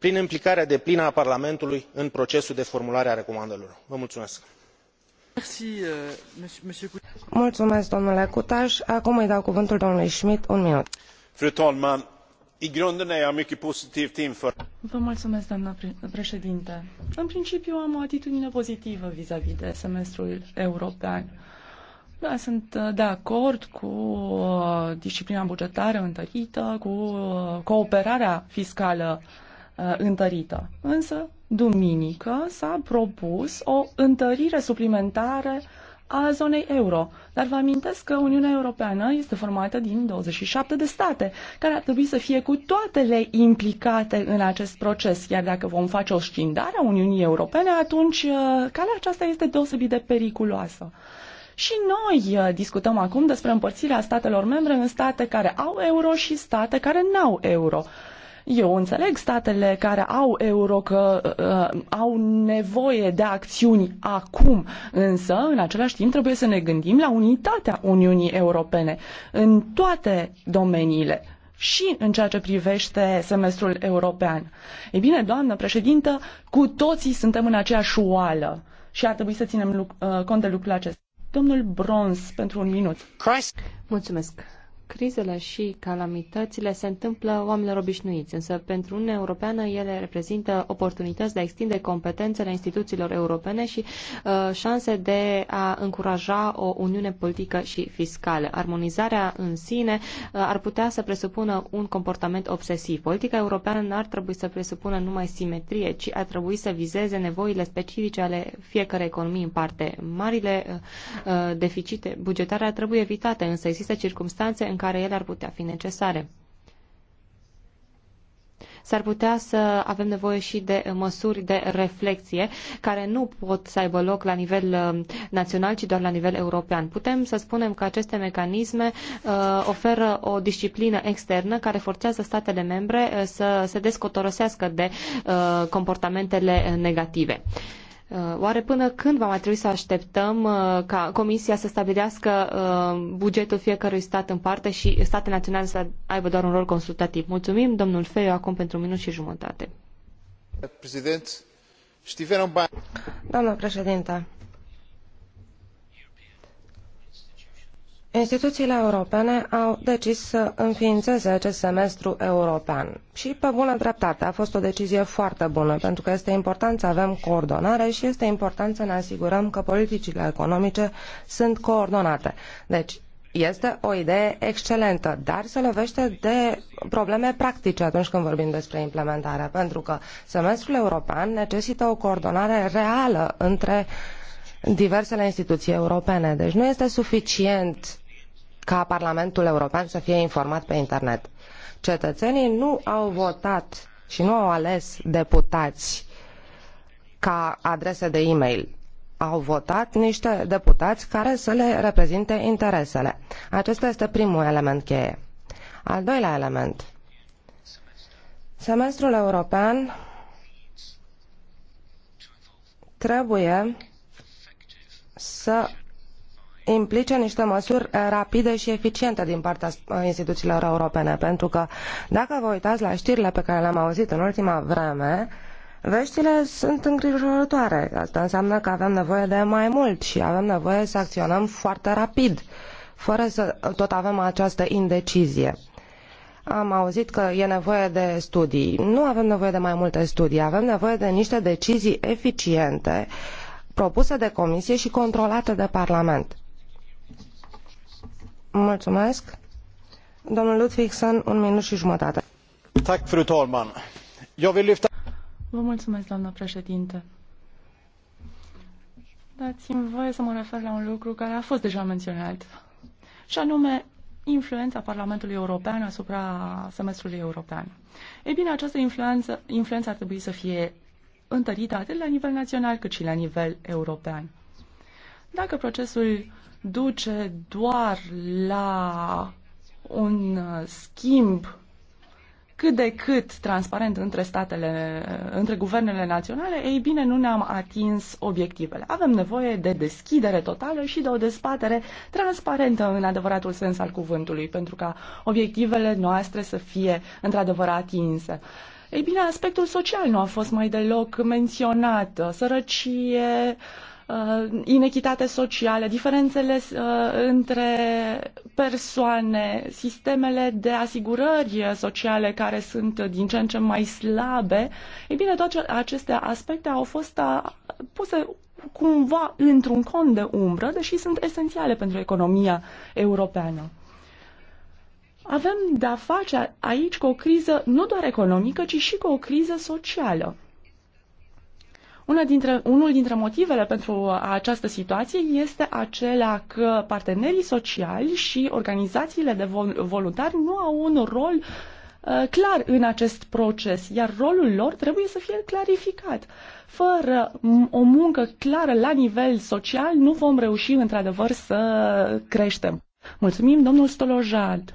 prin implicarea deplină a parlamentului în procesul de formulare a recomandărilor. Vă mulțumesc. Euh, mulțumesc, domnule Cutaș. Acum îi dau cuvântul domnului Schmidt, un minut. Fru i grunden är jag mycket positiv till införandet. Vă mulțumesc, doamna președinte. În principiu am o atitudine pozitivă vis a -vis de semestrul european. Da, sunt uh, de acord cu uh, disciplina bugetară întărită, cu uh, cooperarea fiscală uh, Uh, întărită. Însă, duminică s-a propus o întărire suplimentară a zonei euro. Dar vă amintesc că Uniunea Europeană este formată din 27 de state, care ar trebui să fie cu toate le implicate în acest proces. Iar dacă vom face o scindare a Uniunii Europene, atunci uh, calea aceasta este deosebit de periculoasă. Și noi uh, discutăm acum despre împărțirea statelor membre în state care au euro și state care n-au euro. Eu înțeleg statele care au euro că uh, au nevoie de acțiuni acum, însă în același timp trebuie să ne gândim la unitatea Uniunii Europene în toate domeniile și în ceea ce privește semestrul european. Ei bine, doamnă președintă, cu toții suntem în aceeași oală și ar trebui să ținem uh, cont de lucrul acesta. Domnul Brons, pentru un minut. Christ. Mulțumesc crizele și calamitățile se întâmplă oamenilor obișnuiți, însă pentru Uniunea Europeană ele reprezintă oportunități de a extinde competențele instituțiilor europene și uh, șanse de a încuraja o uniune politică și fiscală. Armonizarea în sine uh, ar putea să presupună un comportament obsesiv. Politica europeană nu ar trebui să presupună numai simetrie, ci ar trebui să vizeze nevoile specifice ale fiecărei economii în parte. Marile uh, uh deficite bugetare ar trebui evitate, însă există circunstanțe în care ele ar putea fi necesare. S-ar putea să avem nevoie și de măsuri de reflexie care nu pot să aibă loc la nivel uh, național, ci doar la nivel european. Putem să spunem că aceste mecanisme uh, oferă o disciplină externă care forțează statele membre uh, să se descotorosească de uh, comportamentele negative. Uh, Uh, oare până când va mai trebui să așteptăm uh, ca Comisia să stabilească uh, bugetul fiecărui stat în parte și state naționale să aibă doar un rol consultativ? Mulțumim, domnul Feio, acum pentru un minut și jumătate. Președinte, Doamna președinte, Instituțiile europene au decis să înființeze acest semestru european și pe bună dreptate a fost o decizie foarte bună pentru că este important să avem coordonare și este important să ne asigurăm că politicile economice sunt coordonate. Deci este o idee excelentă, dar se lovește de probleme practice atunci când vorbim despre implementare, pentru că semestrul european necesită o coordonare reală între uh, diversele instituții europene. Deci nu este suficient ca Parlamentul European să fie informat pe internet. Cetățenii nu au votat și nu au ales deputați ca adrese de e-mail. Au votat niște deputați care să le reprezinte interesele. Acesta este primul element cheie. Al doilea element. Semestrul european trebuie să implice niște măsuri eh, rapide și eficiente din partea eh, instituțiilor europene, pentru că dacă vă uitați la știrile pe care le-am auzit în ultima vreme, Veștile sunt îngrijorătoare. Asta înseamnă că avem nevoie de mai mult și avem nevoie să acționăm foarte rapid, fără să tot avem această indecizie. Am auzit că e nevoie de studii. Nu avem nevoie de mai multe studii, avem nevoie de niște decizii eficiente uh, propuse de comisie și controlate de Parlament. Mulțumesc. Domnul Ludvigsen, un minut și jumătate. Tak, fru Eu lyfta... Vă mulțumesc, doamnă președinte. Dați-mi voie să mă refer la un lucru care a fost deja menționat, și anume influența Parlamentului European asupra semestrului european. Ei bine, această influență, influență ar trebui să fie întărită atât la nivel național cât și la nivel european. Dacă procesul duce doar la un schimb cât de cât transparent între statele, între guvernele naționale, ei bine, nu ne-am atins obiectivele. Avem nevoie de deschidere totală și de o dezbatere transparentă în adevăratul sens al cuvântului, pentru ca obiectivele noastre să fie într-adevăr atinse. Uh, ei bine, aspectul social nu a fost mai deloc menționat. Sărăcie, uh, inechitate socială, diferențele uh, între persoane, sistemele de asigurări sociale care sunt din ce în ce mai slabe. Ei bine, toate aceste aspecte au fost uh, puse cumva într-un cont de umbră, deși sunt esențiale pentru economia europeană. Avem de-a face aici cu o criză nu doar economică, ci și cu o criză socială. Una dintre, unul dintre motivele pentru această situație este acela că partenerii sociali și organizațiile de voluntari nu au un rol uh, clar în acest proces, iar rolul lor trebuie să fie clarificat. Fără o muncă clară la nivel social, nu vom reuși într-adevăr să creștem. Mulțumim, domnul Stolojad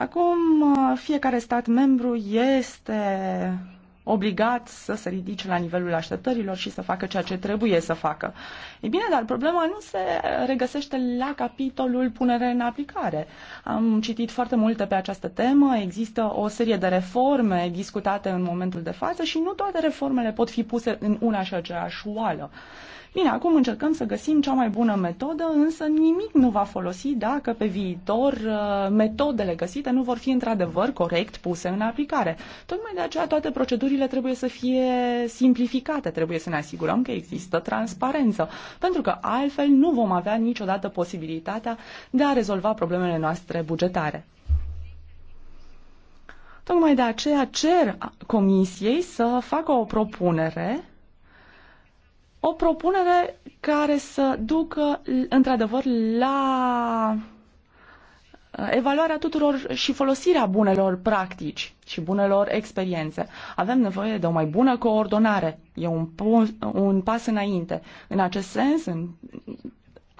Acum uh, fiecare stat membru este obligat să se ridice la nivelul așteptărilor și să facă ceea ce trebuie să facă. E bine, dar problema nu se regăsește la capitolul punere în aplicare. Am citit foarte multe pe această temă, există o serie de reforme discutate în momentul de față și nu toate reformele pot fi puse în una și aceeași oală. Bine, acum încercăm să găsim cea mai bună metodă, însă nimic nu va folosi dacă pe viitor uh, metodele găsite nu vor fi într-adevăr corect puse în aplicare. Tocmai de aceea toate procedurile trebuie să fie simplificate, trebuie să ne asigurăm că există transparență, pentru că altfel nu vom avea niciodată posibilitatea de a rezolva problemele noastre bugetare. Tocmai de aceea cer Comisiei să facă o propunere o propunere care să ducă într-adevăr la uh, evaluarea tuturor și folosirea bunelor practici și bunelor experiențe. Avem nevoie de o mai bună coordonare. E un, un pas înainte. În acest sens, în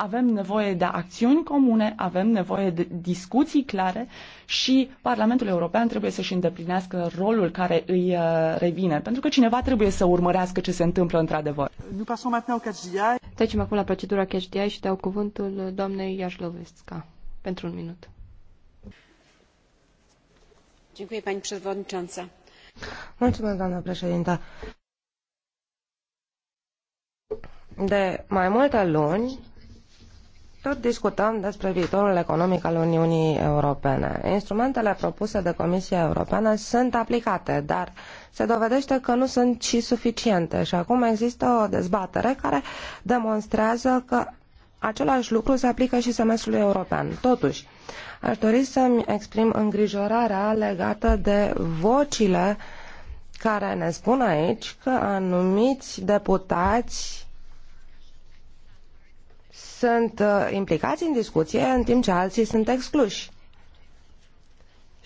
avem nevoie de acțiuni comune, avem nevoie de discuții clare și Parlamentul European trebuie să-și îndeplinească rolul care îi uh, revine, pentru că cineva trebuie să urmărească ce se întâmplă într-adevăr. Trecem acum la procedura CashDI și dau cuvântul doamnei Iașlovesca pentru un minut. Mulțumesc, doamnă președintă. De mai multe luni, tot discutăm despre viitorul economic al Uniunii Europene. Instrumentele propuse de Comisia Europeană sunt aplicate, dar se dovedește că nu sunt și suficiente și acum există o dezbatere care demonstrează că același lucru se aplică și semestrului european. Totuși, aș dori să-mi exprim îngrijorarea legată de vocile care ne spun aici că anumiți deputați sunt uh, implicați în discuție, în timp ce alții sunt excluși.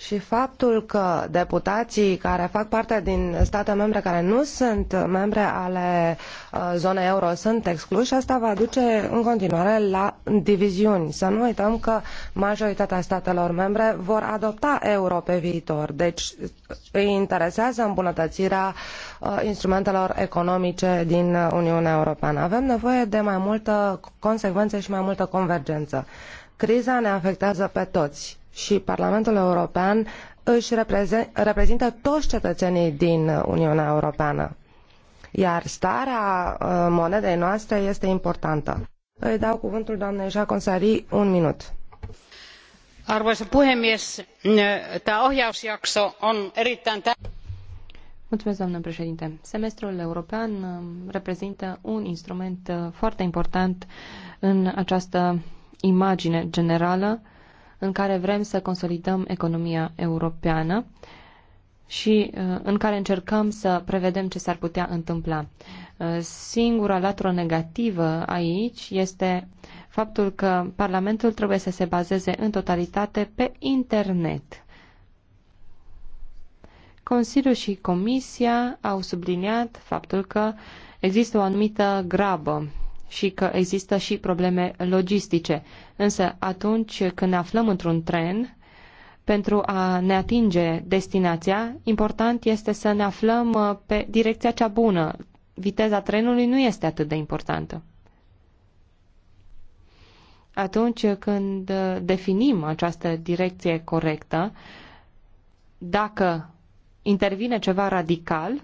Și faptul că deputații care fac parte din state membre care nu sunt membre ale uh, zonei euro sunt excluși, asta va duce în continuare la diviziuni. Să nu uităm că majoritatea statelor membre vor adopta euro pe viitor. Deci uh, îi interesează îmbunătățirea uh, instrumentelor economice din Uniunea Europeană. Avem nevoie de mai multă consecvență și mai multă convergență. Criza ne afectează pe toți și Parlamentul European își reprezintă toți cetățenii din Uniunea Europeană. Iar starea uh, monedei noastre este importantă. Îi dau cuvântul doamnei Jaconsari un minut. Arvoisa puhemies, tämä ohjausjakso on erittäin Mulțumesc, doamnă președinte. Semestrul european um, reprezintă un instrument uh, foarte important în această imagine generală în care vrem să consolidăm economia europeană și uh, în care încercăm să prevedem ce s-ar putea întâmpla. Uh, singura latură negativă aici este faptul că Parlamentul trebuie să se bazeze în totalitate pe internet. Consiliul și Comisia au subliniat faptul că există o anumită grabă și că există și probleme logistice. Însă atunci când ne aflăm într-un tren, pentru a ne atinge destinația, important este să ne aflăm uh, pe direcția cea bună. Viteza trenului nu este atât de importantă. Atunci când uh, definim această direcție corectă, dacă intervine ceva radical,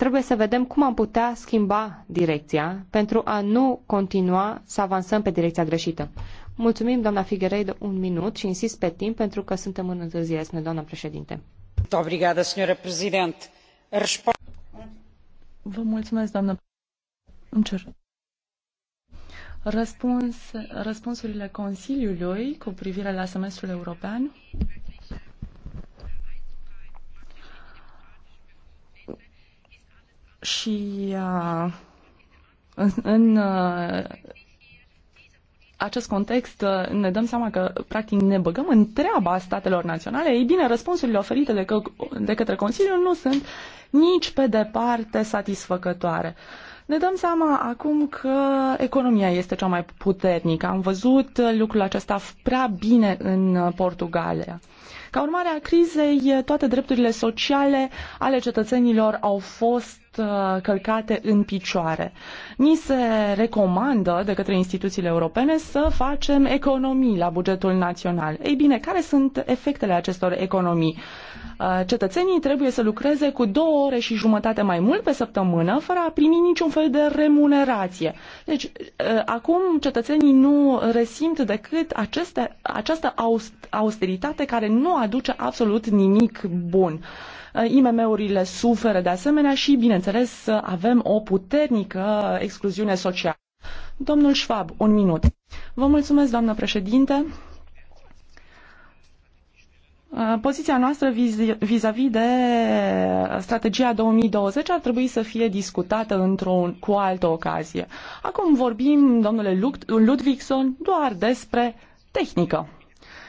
Trebuie să vedem cum am putea schimba direcția pentru a nu continua să avansăm pe direcția greșită. Mulțumim, doamna Figueiredo, un minut și insist pe timp pentru că suntem în întârziere, spune doamna președinte. Obrigada, signora președinte. Vă mulțumesc, doamnă. Îmi cer. Răspuns, răspunsurile Consiliului cu privire la semestrul european și uh, în, în uh, acest context uh, ne dăm seama că, practic, ne băgăm în treaba statelor naționale, ei bine, răspunsurile oferite de, că, de către Consiliu nu sunt nici pe departe satisfăcătoare. Uh, ne dăm seama acum că economia este cea mai puternică. Am văzut lucrul acesta prea bine în Portugalia. Ca urmare a crizei, toate drepturile sociale ale cetățenilor au fost uh, călcate în picioare. Ni se recomandă de către instituțiile europene să facem economii la bugetul național. Ei bine, care sunt efectele acestor economii? Uh, cetățenii trebuie să lucreze cu două ore și jumătate mai mult pe săptămână fără a primi niciun fel de remunerație. Deci, uh, acum cetățenii nu resimt decât aceste, această austeritate care nu aduce absolut nimic bun. Uh, IMM-urile suferă de asemenea și, bineînțeles, avem o puternică excluziune socială. Domnul Schwab, un minut. Vă mulțumesc, doamnă președinte. Uh, poziția noastră vis-a-vis de strategia 2020 ar trebui să fie discutată într-o, cu altă ocazie. Acum vorbim, domnule Ludvigson, doar despre tehnică.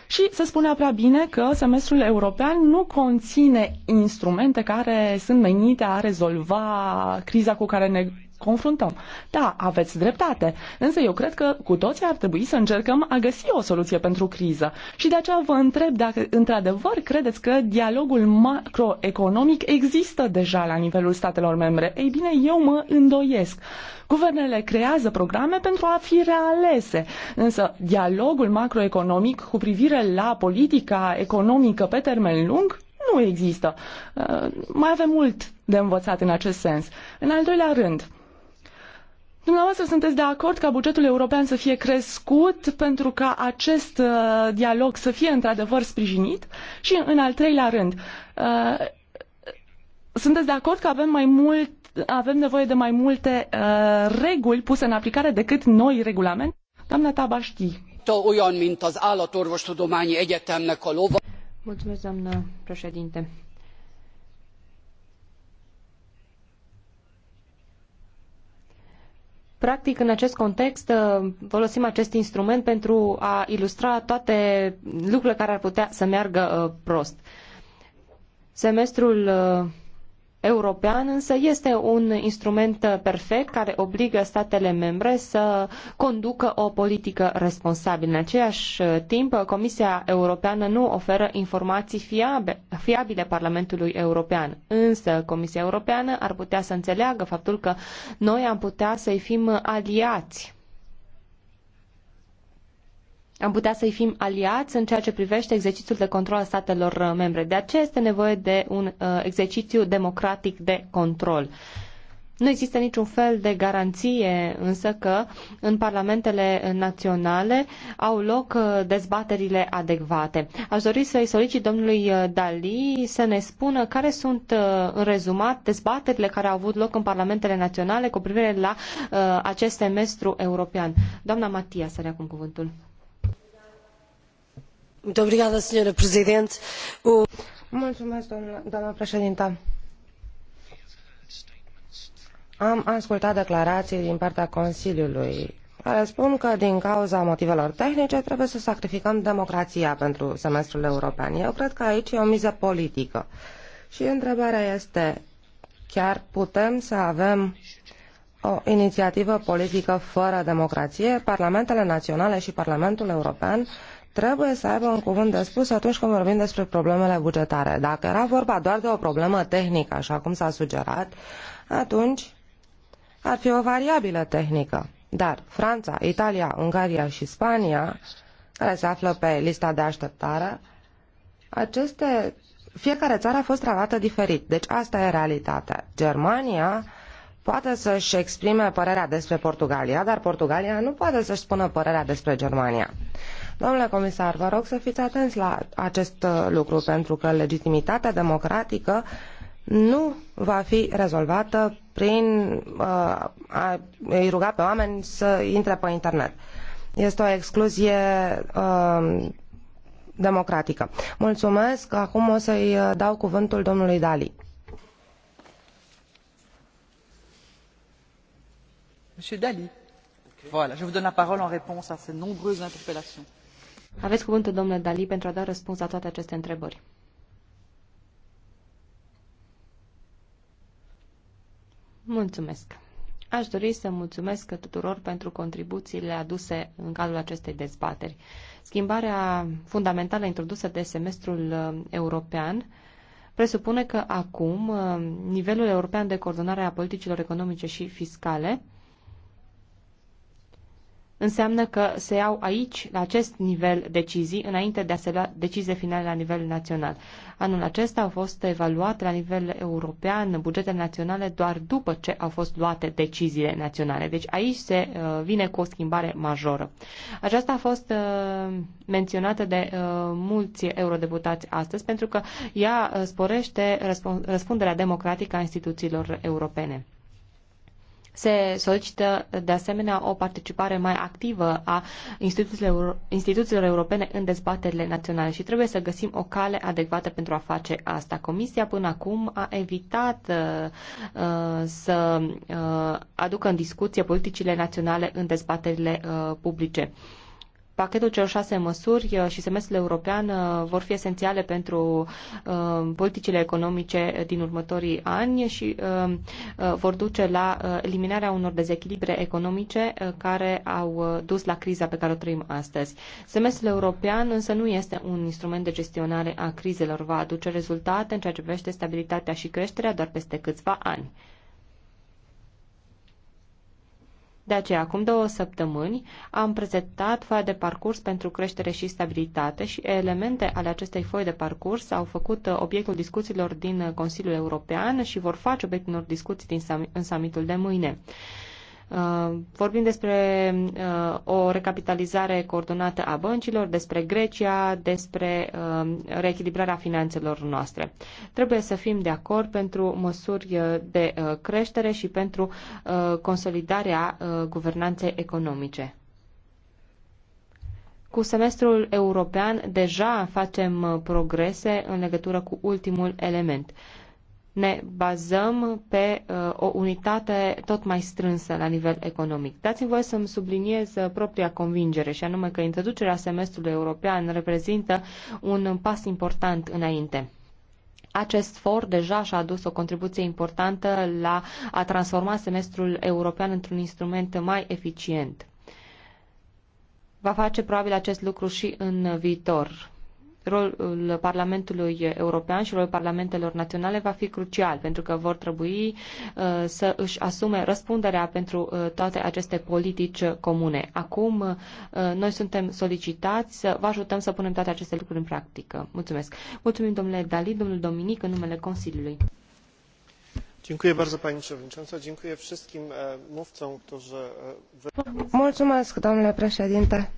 Și se spunea prea bine că semestrul european nu conține instrumente care sunt menite a rezolva criza cu care ne confruntăm. Da, aveți dreptate, însă eu cred că cu toții ar trebui să încercăm a găsi o soluție pentru criză. Și de aceea vă întreb dacă într-adevăr credeți că dialogul macroeconomic există deja la nivelul statelor membre. Ei bine, eu mă îndoiesc. Guvernele creează programe pentru a fi realese, însă dialogul macroeconomic cu privire la politica economică pe termen lung nu există. Uh, mai avem mult de învățat în acest sens. În al doilea rând, Dumneavoastră sunteți de acord ca bugetul european să fie crescut pentru ca acest uh, dialog să fie într-adevăr sprijinit? Și în al treilea rând, uh, sunteți de acord că avem mai mult avem nevoie de mai multe uh, reguli puse în aplicare decât noi regulament? Doamna Tabashti. Olyan, Mulțumesc, doamnă președinte. Practic, în acest context, uh, folosim acest instrument pentru a ilustra toate lucrurile care ar putea să meargă uh, prost. Semestrul uh, european însă este un instrument perfect care obligă statele membre să conducă o politică responsabilă. În aceeași timp, Comisia Europeană nu oferă informații fiabile Parlamentului European. Însă Comisia Europeană ar putea să înțeleagă faptul că noi am putea să-i fim aliați am putea să-i fim aliați în ceea ce privește exercițiul de control al statelor uh, membre. De aceea este nevoie de un uh, exercițiu democratic de control. Nu există niciun fel de garanție însă că în parlamentele uh, naționale au loc dezbaterile adecvate. Aș dori să-i solicit domnului Dali să ne spună care sunt în rezumat dezbaterile care au avut loc în parlamentele naționale cu privire la acest semestru european. Doamna Matia, să are acum cuvântul. Am ascultat declarații din partea Consiliului care spun că din cauza motivelor tehnice trebuie să sacrificăm democrația pentru semestrul european. Eu cred că aici e o miză politică. Și întrebarea este, chiar putem să avem o inițiativă politică fără democrație? Parlamentele naționale și Parlamentul European trebuie să aibă un cuvânt de spus atunci când vorbim despre problemele bugetare. Dacă era vorba doar de o problemă tehnică, așa cum s-a sugerat, atunci ar fi o variabilă tehnică. Dar Franța, Italia, Ungaria și Spania, care se află pe lista de așteptare, aceste, fiecare țară a fost tratată diferit. Deci asta e realitatea. Germania poate să-și exprime părerea despre Portugalia, dar Portugalia nu poate să-și spună părerea despre Germania. Domnule comisar, vă rog să fiți atenți la acest uh, lucru, pentru că legitimitatea democratică nu va fi rezolvată prin uh, a îi ruga pe oameni să intre pe internet. Este o excluzie uh, democratică. Mulțumesc. Acum o să-i uh, dau cuvântul domnului Dali. Monsieur Dali, okay. voilà, je vous donne la parole en réponse à ces nombreuses interpellations. Aveți cuvântul, domnule Dali, pentru a da răspuns la toate aceste întrebări. Mulțumesc. Aș dori să mulțumesc tuturor pentru contribuțiile aduse în cadrul acestei dezbateri. Schimbarea fundamentală introdusă de semestrul uh, european presupune că acum uh, nivelul european de coordonare a politicilor economice și fiscale înseamnă că se iau aici, la acest nivel, decizii înainte de a se lua decizii finale la nivel național. Anul acesta au fost evaluate la nivel european bugetele naționale doar după ce au fost luate deciziile naționale. Deci aici se uh, vine cu o schimbare majoră. Aceasta a fost uh, menționată de uh, mulți eurodeputați astăzi pentru că ea uh, sporește răspunderea democratică a instituțiilor europene. Se solicită de asemenea o participare mai activă a instituțiilor, instituțiilor europene în dezbaterile naționale și trebuie să găsim o cale adecvată pentru a face asta. Comisia până acum a evitat uh, uh să uh, aducă în discuție politicile naționale în dezbaterile uh, publice. Uh, pachetul celor șase măsuri uh, și semestrul european uh, vor fi esențiale pentru uh, politicile economice din următorii ani și vor duce la eliminarea unor dezechilibre economice care au dus la criza pe care o trăim astăzi. Semestrul european însă nu este un instrument de gestionare a crizelor, va aduce rezultate în ceea ce privește stabilitatea și creșterea doar peste câțiva ani. De aceea, acum două săptămâni, am prezentat foaia de parcurs pentru creștere și stabilitate și elemente ale acestei foi de parcurs au făcut uh, obiectul discuțiilor din uh, Consiliul European și vor face obiectul unor discuții din în summitul de mâine. Uh, vorbim despre uh, o recapitalizare coordonată a băncilor, despre Grecia, despre uh, reechilibrarea finanțelor noastre. Trebuie să fim de acord pentru măsuri de creștere și pentru consolidarea guvernanței economice. Cu semestrul european deja facem progrese în legătură cu ultimul element ne bazăm pe uh, o unitate tot mai strânsă la nivel economic. Dați-mi voie să-mi subliniez uh, propria convingere și anume că introducerea semestrului european reprezintă un pas important înainte. Acest for deja și-a adus o contribuție importantă la a transforma semestrul european într-un instrument mai eficient. Va face probabil acest lucru și în viitor rolul Parlamentului European și rolul Parlamentelor Naționale va fi crucial, pentru că vor trebui uh, să își asume răspunderea pentru uh, toate aceste politici comune. Acum, uh, noi suntem solicitați să vă ajutăm să punem toate aceste lucruri în practică. Mulțumesc. Mulțumim, domnule Dali, domnul Dominic, în numele Consiliului. Mulțumesc, domnule președinte.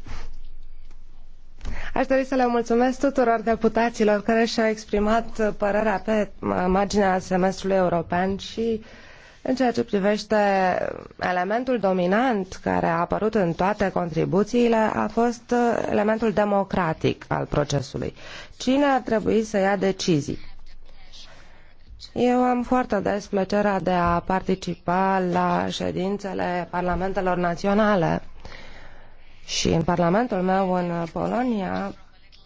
Aș dori să le mulțumesc tuturor deputaților care și-au exprimat părerea pe marginea semestrului european și în ceea ce privește elementul dominant care a apărut în toate contribuțiile a fost elementul democratic al procesului. Cine ar trebui să ia decizii? Eu am foarte des plăcerea de a participa la ședințele parlamentelor naționale și în Parlamentul meu în Polonia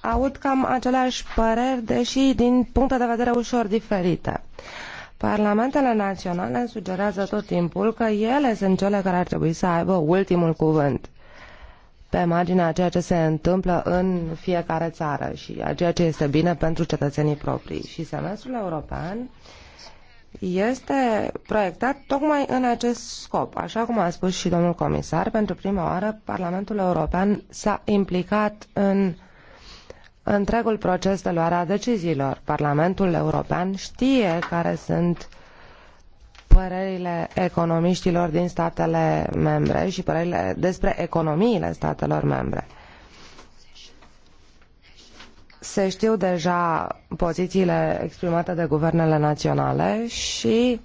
aud cam aceleași păreri, deși din puncte de vedere ușor diferite. Parlamentele naționale sugerează tot timpul că ele sunt cele care ar trebui să aibă ultimul cuvânt pe marginea ceea ce se întâmplă în fiecare țară și a ceea ce este bine pentru cetățenii proprii. Și semestrul european uh, este proiectat tocmai în acest scop. Așa cum a spus și domnul comisar, pentru prima oară Parlamentul European s-a implicat în întregul proces de luare a deciziilor. Parlamentul European știe care sunt părerile economiștilor din statele membre și părerile despre economiile statelor membre se știu deja pozițiile exprimate de guvernele naționale și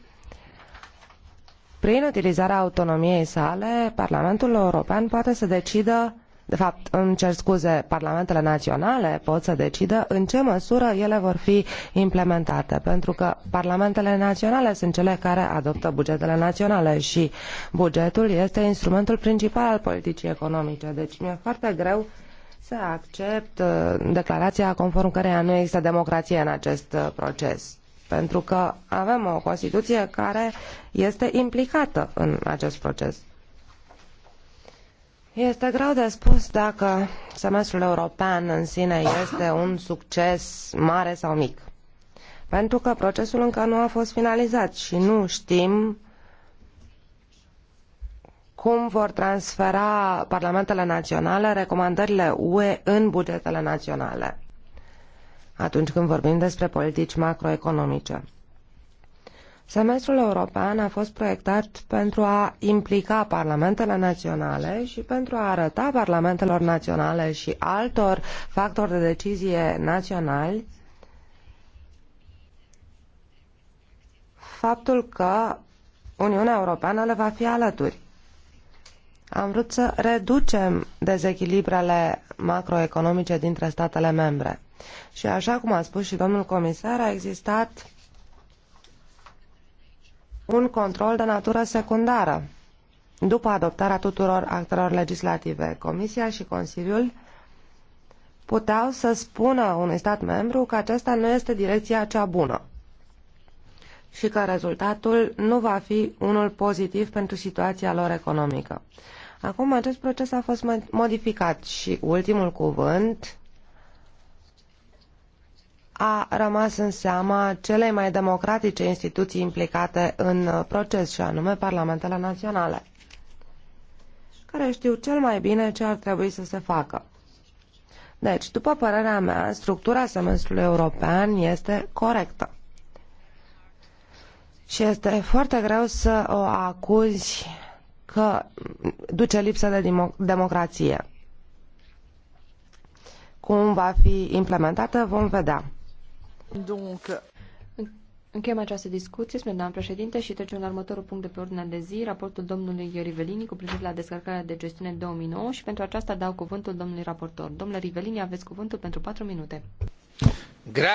prin utilizarea autonomiei sale, Parlamentul European poate să decidă de fapt, îmi cer scuze, parlamentele naționale pot să decidă în ce măsură ele vor fi implementate, pentru că parlamentele naționale sunt cele care adoptă bugetele naționale și bugetul este instrumentul principal al politicii economice. Deci mi-e foarte greu uh, să accept uh, declarația conform căreia nu există democrație în acest uh, proces. Pentru că avem o Constituție care este implicată în acest proces. Este greu de spus dacă semestrul european în sine este un succes mare sau mic. Pentru că procesul încă nu a fost finalizat și nu știm uh, cum vor transfera parlamentele naționale recomandările UE în bugetele naționale atunci când vorbim despre politici macroeconomice. Semestrul european a fost proiectat pentru a implica parlamentele naționale și pentru a arăta parlamentelor naționale și altor factori de decizie naționali faptul că Uniunea Europeană le va fi alături. Am vrut să reducem dezechilibrele macroeconomice dintre statele membre. Și așa cum a spus și domnul comisar, a existat un control de natură secundară. După adoptarea tuturor actelor legislative, Comisia și Consiliul puteau să spună unui stat membru că aceasta nu este direcția cea bună și că rezultatul nu va fi unul pozitiv pentru situația lor economică. Acum acest proces a fost modificat și ultimul cuvânt a rămas în seama celei mai democratice instituții implicate în proces, și anume Parlamentele Naționale, care știu cel mai bine ce ar trebui să se facă. Deci, după părerea mea, structura semestrului european este corectă. Și este foarte greu să o acuzi că duce lipsă de democrație. Cum va fi implementată, vom vedea. Donc... Încheiem această discuție, spune doamna președinte, și trecem la următorul punct de pe ordinea de zi, raportul domnului Rivelini cu privire la descărcarea de gestiune 2009 și pentru aceasta dau cuvântul domnului raportor. Domnule Rivelini, aveți cuvântul pentru 4 minute. Gra